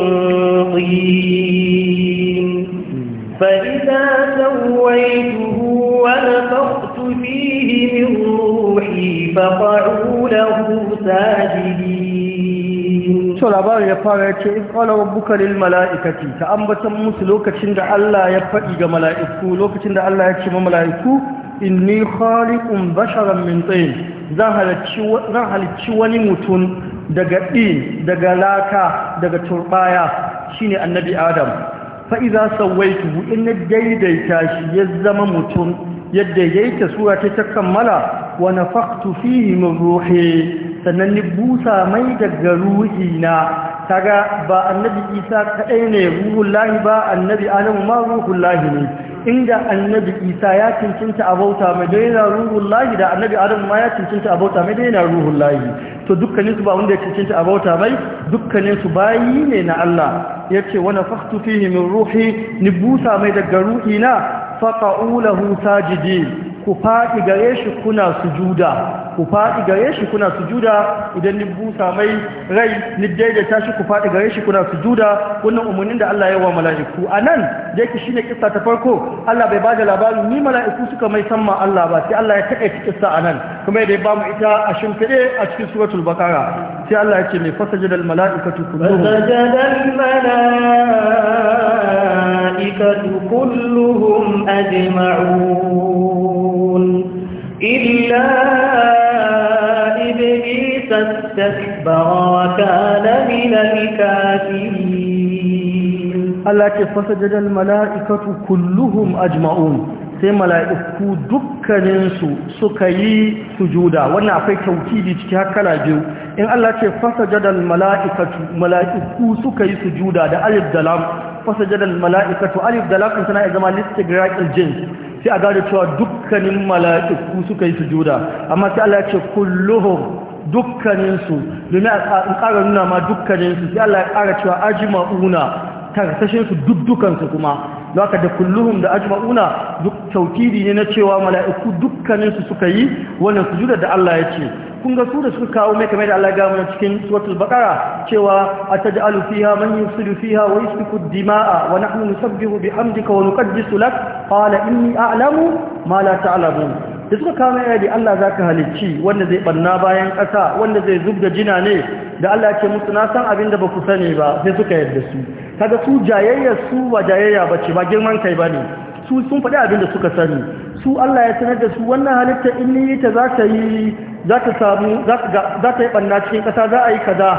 فإذا سويته ونفخت فيه من روحي فقعوا له ساجدين so labarin ya fara ya ce isƙalar rabbuka lil mala'ikati ta ambatar musu lokacin da Allah ya faɗi ga mala'iku lokacin da Allah ya ce ma mala'iku inni khaliqun basharan min tin zan halicci wani mutum daga din, daga laka daga turbaya shine annabi adam fa iza sawaitu inna daidaita shi ya zama mutum yadda yayi ta sura ta kammala wa nafaqtu fihi min ruhi sannan ni busa mai daga ruhi na kaga ba annabi isa kadai ne ruhullahi ba annabi adamu ma ruhullahi ne inda annabi isa ya cincinta a bauta mai daina ruhullahi da annabi adamu ma ya cincinta a bauta mai daina ruhullahi to dukkanin su ba wanda ya cincinta a bauta mai dukkanin su bayi ne na Allah ya ce wani nafakhtu fihi min ruhi ni busa mai daga ruhina faqa'u lahu sajidin ku faɗi gare shi kuna sujuda ku faɗi gare shi kuna sujuda idan ni busa mai rai ni daidaita shi ku faɗi gare shi kuna sujuda wannan umarnin da Allah ya wa mala'iku anan da yake shine kissa ta farko Allah bai bada labarin ni mala'iku suka mai samma Allah ba sai Allah ya taƙaita kissa anan kuma ya ba mu ita a shimfiɗe a cikin suratul baqara sai Allah ya ce mai fasajada al mala'ikatu kulluhum fasajada al mala'ikatu kulluhum ajma'un illa استكبر وكان من الكافرين الله فسجد الملائكة كلهم أجمعون sai mala'iku dukkaninsu suka yi sujuda wannan akwai taukidi ciki hakala biyu in Allah ce fasajadar mala'ikatu mala'iku suka yi sujuda da alif da lam fasajadal mala'ikatu alif da lam tana zama listigraqil jins sai a gada cewa dukkanin mala'iku suka yi sujuda amma sai Allah ce kulluhum dukkaninsu domin a ƙara nuna ma dukkaninsu sai Allah ya ƙara cewa ajma'una karkashinsu duk dukansu kuma haka da kulluhum da ajma'una duk taukidi ne na cewa mala'iku dukkaninsu suka yi wannan sujuda da Allah ya ce kun ga su da suka kawo mai kamar da Allah ga mana cikin suratul baqara cewa ataj'alu fiha man yusidu fiha wa yasfiku dima'a wa nahnu nusabbihu bihamdika wa nuqaddisu lak qala inni a'lamu ma la ta'lamun da suka kama yadi Allah za ka halicci wanda zai ɓanna bayan ƙasa wanda zai zub da jina ne da Allah ya ce musu na san abin da ba ku sani ba sai suka yarda su kaga su jayayyar su ba jayayya ba ce ba girman kai ba ne su sun faɗi abin da suka sani su Allah ya sanar da su wannan halitta in ni ta za ta yi za ɓanna cikin ƙasa za a yi kaza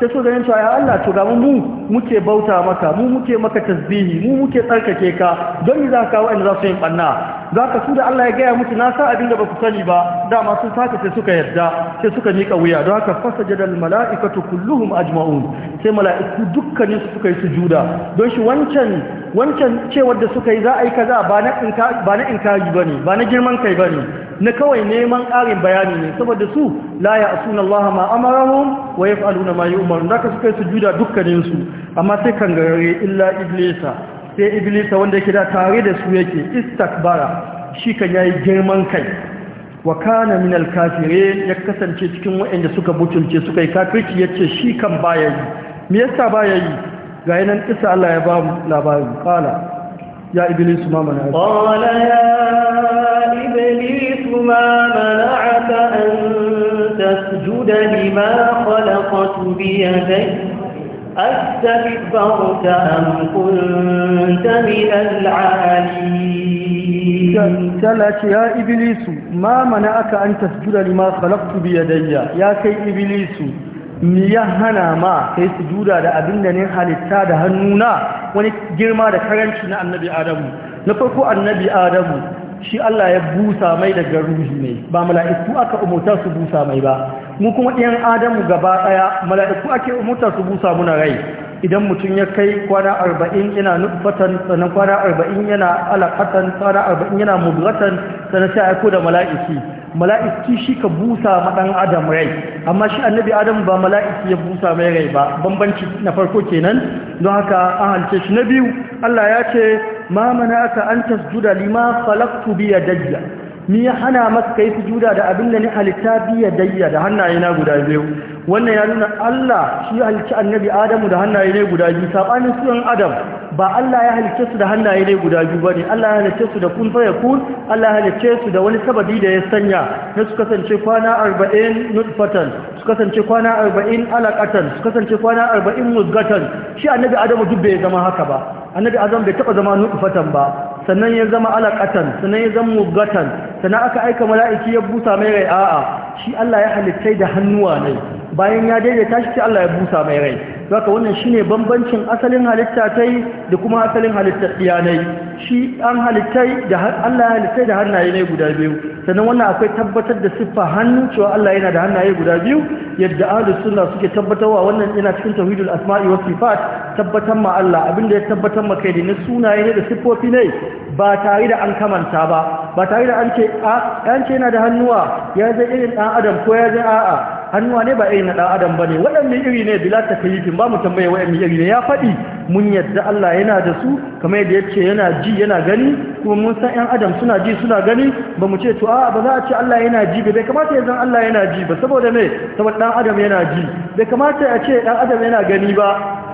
ta so ganin cewa ya Allah to ga mu muke bauta maka mu muke maka tasbihi mu muke tsarkake ka don yi za ka wa'anda za su yi banna za ka su da Allah ya gaya musu na sa abin da ba ku sani ba dama sun sake sai suka yarda sai suka miƙa wuya don haka fasa jadal mala'ikatu kulluhum ajma'un sai mala'iku dukkanin su suka yi sujuda don shi wancan cewar da suka yi za a yi kaza ba na inkari ba ne ba na girman kai ba bane na kawai neman ƙarin bayani ne saboda su la a Allah ma amarahum wa yaf'aluna ma yu'marun da ka suka yi sujuda dukkanin su amma sai gare illa iblisa sai iblisa wanda yake da tare da su yake istakbara shi kan yayi girman kai wa kana min ya kasance cikin waɗanda suka mutunce suka yi kafirci yace shi kan baya yi me yasa baya yi ga yanan isa Allah ya ba mu labarin kala ya iblisu ma mana qala ya iblisu ma mana'aka an tasjuda lima khalaqtu bi yadayya أستكبرت أم كنت من العالين تلت يا إبليس ما منعك أن تسجد لما خلقت بيدي يا كي إبليس mi ya hana ma kai sujuda da abin da ne halitta da hannuna wani girma da karanci na annabi adamu na farko annabi adamu shi Allah ya busa mai da ruhi ne ba mala'iku aka umurta su busa mai ba mu kuma ɗiyan adamu gaba ɗaya mala'iku ake umarta su busa muna rai idan mutum ya kai kwana arba'in yana nufatan sannan kwana arba'in yana alaƙatan kwana arba'in yana mugatan sannan sai aiko da mala'iki mala'iki shi ka busa ma ɗan adam rai amma shi annabi adam ba mala'iki ya busa mai rai ba bambanci na farko kenan don haka an halce shi na biyu allah ya ce ma mana aka an tasjuda lima falaktu biya dajja ni ya hana masa su sujuda da abin da ni halitta biya dayya da hannaye na guda biyu wannan ya nuna Allah shi ya halicci annabi Adamu da hannaye ne guda biyu sabanin sunan Adam ba Allah ya halicce su da hannaye ne guda biyu bane Allah ya halicce su da kun fa yakun Allah ya halicce su da wani sababi da ya sanya na su kasance kwana 40 nutfatan su kasance kwana 40 alaqatan su kasance kwana 40 muzgatan shi annabi Adamu duk bai zama haka ba annabi Adam bai taba zama nutfatan ba sannan ya zama alaqatan sannan ya zama mugatan. Sana aka aika mala'iki ya busa mai rai a'a shi Allah ya halittai da hannuwa ne bayan ya daidaita shi ce Allah ya busa mai rai zaka wannan shine bambancin asalin halitta tai da kuma asalin halittar diyanai shi an halittai da Allah ya halittai da hannaye ne guda biyu sannan wannan akwai tabbatar da siffa hannu cewa Allah yana da hannaye guda biyu yadda ahlus sunna suke tabbatarwa wannan yana cikin tauhidul asma'i wa sifat tabbatar ma Allah abinda ya tabbatar maka ne sunaye ne da siffofi ne ba tare da an kamanta ba ba tare da an ce ah, an ce yana da hannuwa ya zai irin ɗan adam ko ya ji a'a hannuwa ne ba irin na ɗan adam ba ne waɗannan iri ne bila ta kai ba mu tambaye waɗanne iri ne ya faɗi mun yadda Allah yana da su kamar yadda ya ce yana ji yana gani kuma mun san ‘yan adam suna ji suna gani ba mu ce to a ba za a ce Allah yana ji bai kamata ya zan Allah yana ji ba saboda me saboda ɗan adam yana ji bai kamata a ce ɗan adam yana gani ba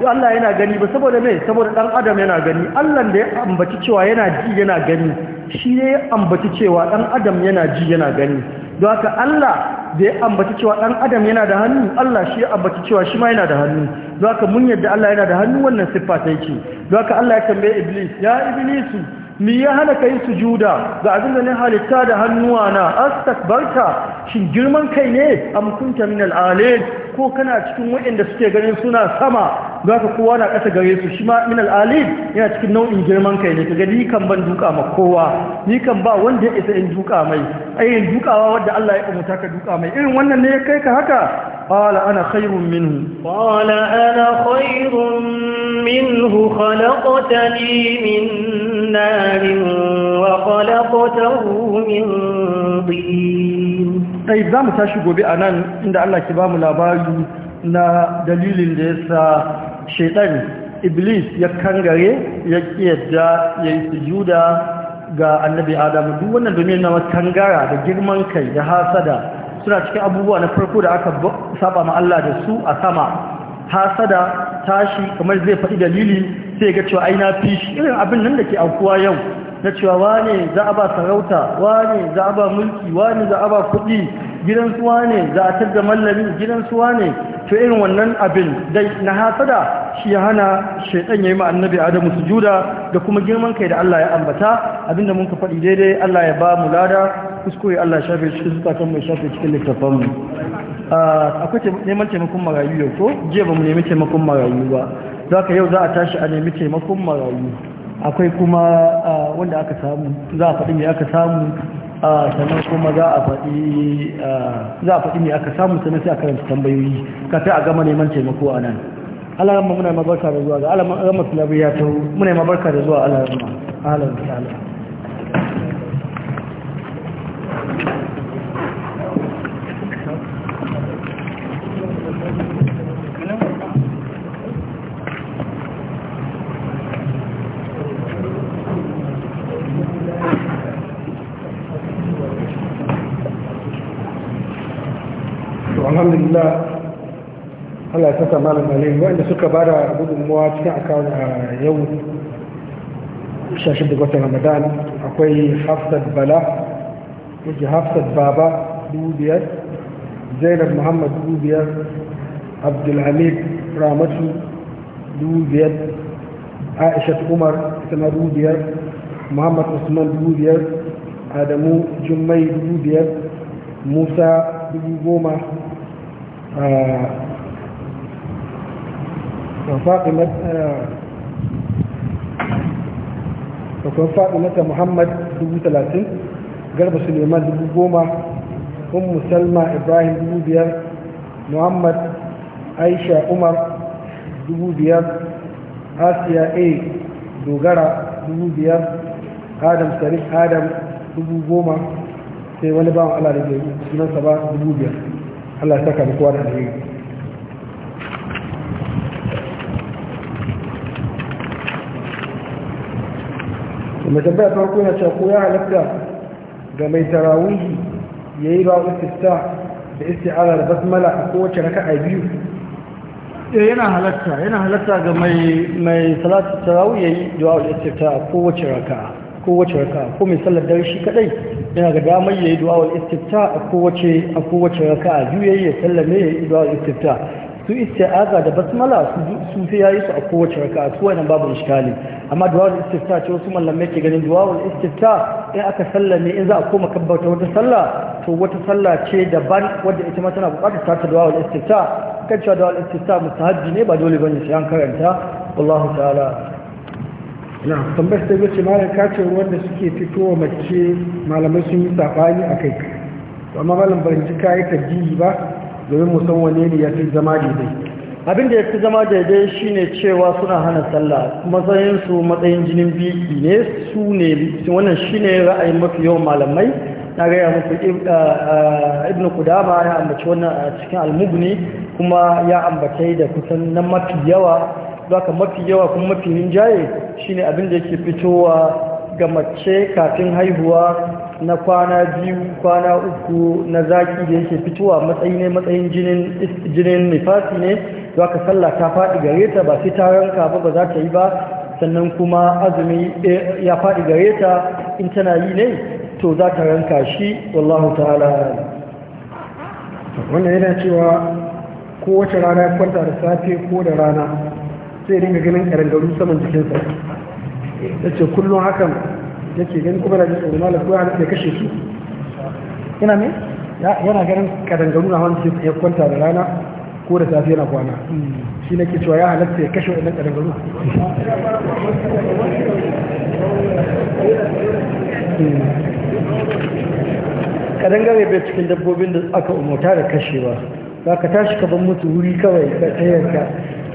Allah yana gani ba saboda me saboda ɗan adam yana gani Allah da ya ambaci cewa yana ji yana gani shi ne ya ambaci cewa ɗan adam yana ji yana gani don haka Allah da ya ambaci cewa ɗan adam yana da hannu Allah shi ya ambaci cewa shi ma yana da hannu Zaka mun yadda Allah yana da hannu wannan siffa ta yake Zaka Allah ya tambaye iblis ya iblisu mi ya hana kai sujuda ga abin da na halitta da hannuwa na barka shi girman kai ne a mukunta min al'alil ko kana cikin waɗanda suke ganin suna sama za ka kowa na ƙasa gare su shi ma min al'alil yana cikin nau'in girman kai ne kaga ni kan ban duka ma kowa ni kan ba wanda ya isa in duka mai ayin dukawa wadda Allah ya umarta ka duka mai irin wannan ne ya kai ka haka قال أنا خير منه قال أنا خير منه خلقتني من نار وخلقته من طين طيب زعما تشغو بأنان عند الله كبام لاباري نا دليل da شيطان إبليس iblis ya kangare ya yadda ya ga annabi adamu duk wannan domin na kangara da girman kai da hasada suna cikin abubuwa na farko da aka saba ma Allah da su a sama hasada tashi kamar zai faɗi dalili sai ga cewa aina fishi irin abin nan da ke aukuwa yau na cewa wane za a ba sarauta wane za a ba mulki wane za a ba kuɗi gidansu wane za a tadda mallami gidansu wane to irin wannan abin dai na hasada shi ya hana shaidan ya yi annabi adamu su juda, da kuma girman kai da Allah ya ambata abinda mun ka faɗi daidai Allah ya ba mu lada kuskure Allah shafe cikin zukatan mai shafe cikin littafan mu akwai neman taimakon marayu yau ko jiya ba mu nemi taimakon marayu ba za ka yau za a tashi a nemi taimakon marayu akwai kuma wanda aka samu za a faɗi mai aka samu sannan kuma za a faɗi mai aka samu sannan sai a karanta tambayoyi kafin a gama neman taimako a nan alamma muna mabarka da zuwa ga alamma sulabi ya taho muna mabarka da zuwa alamma alamma alaihi wanda suka ba da gudunmuwa cikin akawun a yau 16 watan ramadan akwai hafsat bala kuji hafsat baba 5,000 zainab muhammad 5,000 abdulhamid ramatu 5,000 Aisha umar sama 5,000 muhammad usman 5,000 adamu jummai 5,000 musa 10,000 وفاطمة faɗi mata Muhammad دبو garba قرب سليمان دبو قومة أم سلمى إبراهيم دبو بيار محمد عائشة عمر dogara dubu biyar adam sarif adam dubu goma sai wani bawan allah da bai sunansa ba dubu biyar allah ta saka da kowa da kuma tambaya farko na cewa ko ya halatta ga mai tarawihi ya yi ba'u istifta da isti'ala da basmala a kowace raka a biyu eh, yana halatta yana halatta ga mai mai salatu tarawih yayi du'a istifta a kowace raka'a kowace raka'a ko mai sallar dare shi kadai yana ga damar yayi du'a istifta a kowace a kowace raka'a biyu yayi ya sallame yayi du'a istifta su isti'aza da basmala su fi yayi su a kowace raka su wannan babu iskali amma du'a istifta ce wasu mallamai ke ganin du'a istifta in aka sallame in za a koma kabbata wata sallah to wata sallah ce daban wadda ita ma tana buƙatar ta du'a istifta kan cewa du'a istifta mustahabbi ne ba dole bane sai an karanta wallahu ta'ala na tambayar ta ce malam kace wanda suke fitowa mace malamai sun yi sabani akai amma malam ban ji kai ji ba domin musamman ne ya fi zama daidai abinda ya fi zama daidai shi ne cewa suna hana sallah matsayinsu matsayin jinin biki ne su ne wannan ne ra'ayin mafi yawan malamai na gaya muku eh, eh, ibn kudama ya ambaci wannan a cikin almugni kuma ya ambatai da kusan na mafi yawa zaka mafi yawa kuma mafi rinjaye shine abin da yake fitowa ga mace kafin haihuwa na kwana biyu kwana uku na zaki da yake fitowa matsayi ne matsayin jinin nifasi ne za ka sallah ta faɗi gare ta ba sai ta ranka ba ba za ta yi ba sannan kuma azumi eh, ya faɗi gare ta in tana yi ne to za ta ranka shi wallahu ta'ala wannan yana cewa kowace rana ya kwanta da safe ko da rana sai dinga ganin karangaru saman jikinsa ya ce kullum hakan yake gani kuma na ji tsoro malam ko ya kashe su ina ne yana ganin kadangaru na wani ya kwanta da rana ko da safe yana kwana shi nake cewa ya halatta ya kashe wannan kadangaru kadangare bai cikin dabbobin da aka umarta da kashewa za ka tashi ka ban mutu wuri kawai ka tsayarka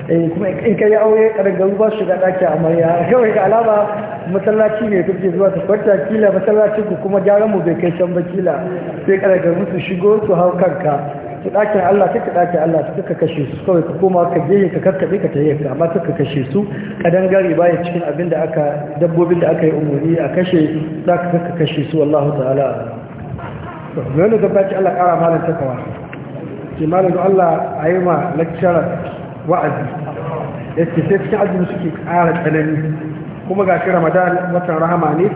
Eh, kuma in yi aure ƙarƙaru ba shiga ɗaki amarya kawai ga alama masallaci ne kuke zuwa su kwanta kila masallacin ku kuma gyaran mu bai kai can ba kila sai ƙarƙaru su shigo su hau kanka su ɗakin Allah kika ɗakin Allah su ka kashe su kawai ka koma ka je ka karkaɗe ka tayi ka amma ka kashe su kadan gari bayan cikin abin da aka dabbobin da aka yi umuri a kashe za ka kaka kashe su wallahu ta'ala wani gaba ki Allah ƙara malam takawa ki malam Allah a yi ma lakcarar wa'azi ya ce sai cikin azumi suke ƙara tsanani kuma ga shi ramadan watan rahama ne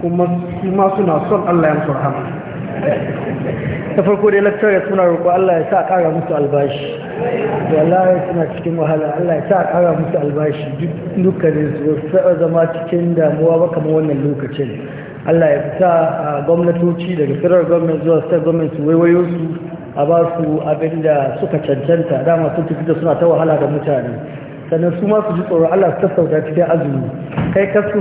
kuma su ma suna son allah ya musu rahama ta farko dai ya suna roƙo allah ya sa a ƙara musu albashi Da ya suna cikin wahala allah ya sa a ƙara musu albashi dukkanin su wasu zama cikin damuwa ba kamar wannan lokacin allah ya sa ah, gwamnatoci daga firar gwamnati zuwa state gwamnati su waiwayo su a ba su abin da suka cancanta dama sun tafi da suna ta wahala da mutane sannan su masu ji tsoron Allah su sassauta cikin azumi kai ka su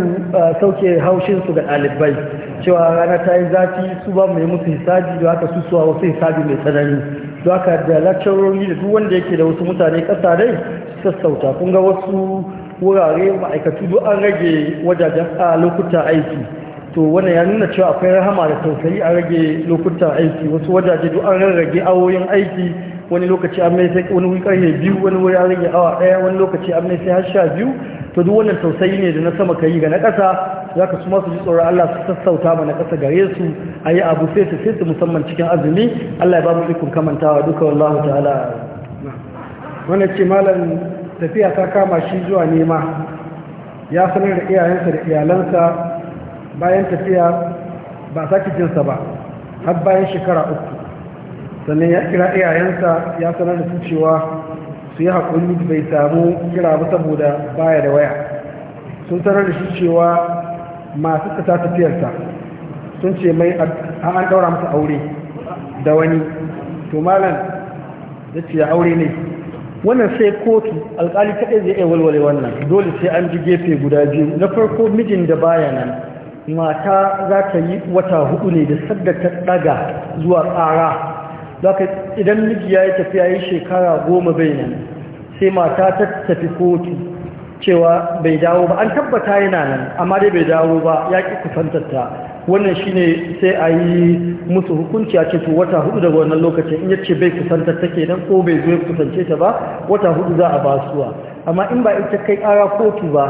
sauke haushinsu ga ɗalibai cewa rana ta yi zafi su ba mai musu hisabi da haka su suwa wasu hisabi mai tsanani da haka da lakcarori da duk wanda yake da wasu mutane ƙasa dai sassauta kun ga wasu wurare ma'aikatu duk an rage wajajen a lokuta aiki to wannan ya nuna cewa akwai rahama da tausayi a rage lokutan aiki wasu wajaje duk an rarrage awoyin aiki wani lokaci an mai sai wani wuri karfe biyu wani wuri an rage awa daya wani lokaci an mai sai har sha biyu to duk wannan tausayi ne da na sama kai ga na ƙasa za ka suma su ji tsoron Allah su sassauta mana ƙasa gare su a yi abu sai su sai su musamman cikin azumi Allah ya ba mu ikon kamantawa duka wallahu ta'ala wannan ce malam tafiya ta kama shi zuwa nema ya sanar da iyayensa da iyalansa bayan tafiya ba saki jinsa ba har bayan shekara uku sannan ya kira iyayensa ya sanar da su cewa su yi haƙuri bai samu kira ba saboda baya da waya sun sanar da shi cewa masu kasa tafiyarsa sun ce mai an ɗaura masa aure da wani to malam da ce aure ne wannan sai kotu alƙali kaɗai zai iya walwale wannan dole sai an ji gefe guda biyu na farko mijin da baya nan mata za ta yi wata hudu ne da sadda ta daga zuwa tsara zaka idan miji ya yi tafiya yi shekara goma bai nan sai mata ta tafi kotu cewa bai dawo ba an tabbata yana nan amma dai bai dawo ba ya ki kusantarta wannan shi ne sai a yi musu hukunci a cikin wata hudu da wannan lokacin in yace bai kusantar ta kenan ko bai zo ya kusance ta ba wata hudu za a basuwa amma in ba ita kai ƙara kotu ba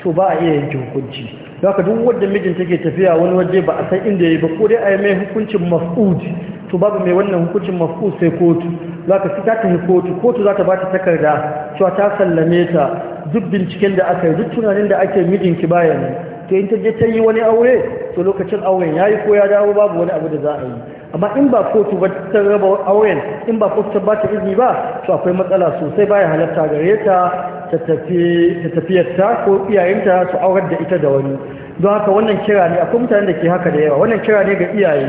to ba a iya yanke hukunci ka duk wanda mijin take tafiya wani waje ba a san inda yayi ba ko dai a mai hukuncin maf'ud to babu mai wannan hukuncin maf'ud sai kotu zaka fita ta yi kotu kotu za ta ba ta takarda cewa ta sallame ta duk binciken da aka yi duk tunanin da ake mijinki baya ne to in ta je ta yi wani aure to lokacin auren yayi ko ya dawo babu wani abu da za a yi amma in ba kotu ba ta raba auren in ba kotu ta ba ta izini ba to akwai matsala sosai baya halarta gare ta ta tafiyarta ko iyayenta su aurar da ita da wani don haka wannan kira ne akwai mutane da ke haka da yawa wannan kira ne ga iyaye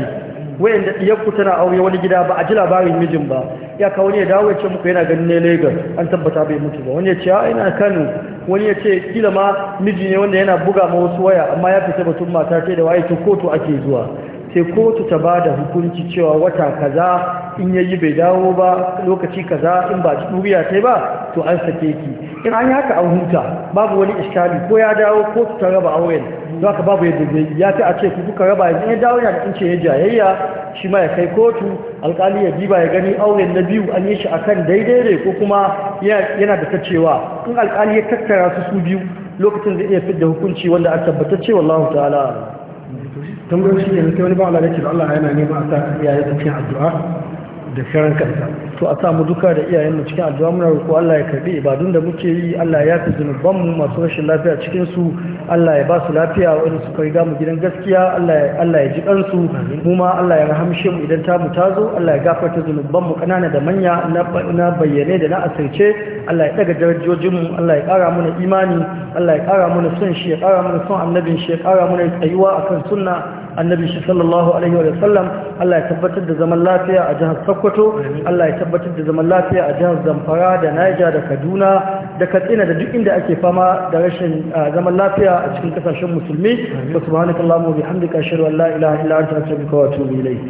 wayanda iyakku tana aure wani gida ba a ji labarin mijin ba ya ka wani ya dawo ya ce muku yana ganin ne Lagos an tabbata bai mutu ba wani ya ce a ah, ina Kano wani ya ce kila ma miji ne wanda yana buga ma wasu waya amma ya fita batun mata ce da waye to kotu ake zuwa sai kotu ta ba da hukunci cewa wata kaza in yayi bai dawo ba lokaci kaza in ba duriya ta ba to an sake ki in an yi haka an huta babu wani iskali ko ya dawo kotu ta raba auren don haka babu yadda zai ya ta a ce ku kuka raba yanzu ya dawo ya kince ya jayayya shi ma ya kai kotu alkali ya diba ya gani auren na biyu an yi shi akan daidai ne ko kuma yana da ta in alkali ya tattara su su biyu lokacin zai iya fidda hukunci wanda a ce wallahu ta'ala tambayoyi shi ne sai wani ba Allah da da Allah yana neman a sa iyaye cikin addu'a da sharan kanta to a samu duka da iyayenmu cikin addu'a muna roƙo Allah ya karbi ibadun da muke yi Allah ya fi mu masu rashin lafiya cikin su Allah ya ba su lafiya wanda suka riga mu gidan gaskiya Allah ya ji su mu ma Allah ya rahamshe mu idan ta mu tazo Allah ya gafarta mu kanana da manya na bayyane da na asirce Allah ya daga darajojin mu Allah ya ƙara mana imani Allah ya ƙara mana son shi ya ƙara mana son annabin shi ya ƙara mana tsayuwa akan sunna annabi shi sallallahu alaihi wa sallam Allah ya tabbatar da zaman lafiya a jihar Sokoto Allah ya tabbatar da zaman lafiya a jihar Zamfara da Niger da Kaduna da Katsina da duk inda ake fama da rashin zaman lafiya a cikin kasashen musulmi subhanakallahumma wa bihamdika ashhadu an la ilaha illa anta astaghfiruka wa atubu ilayk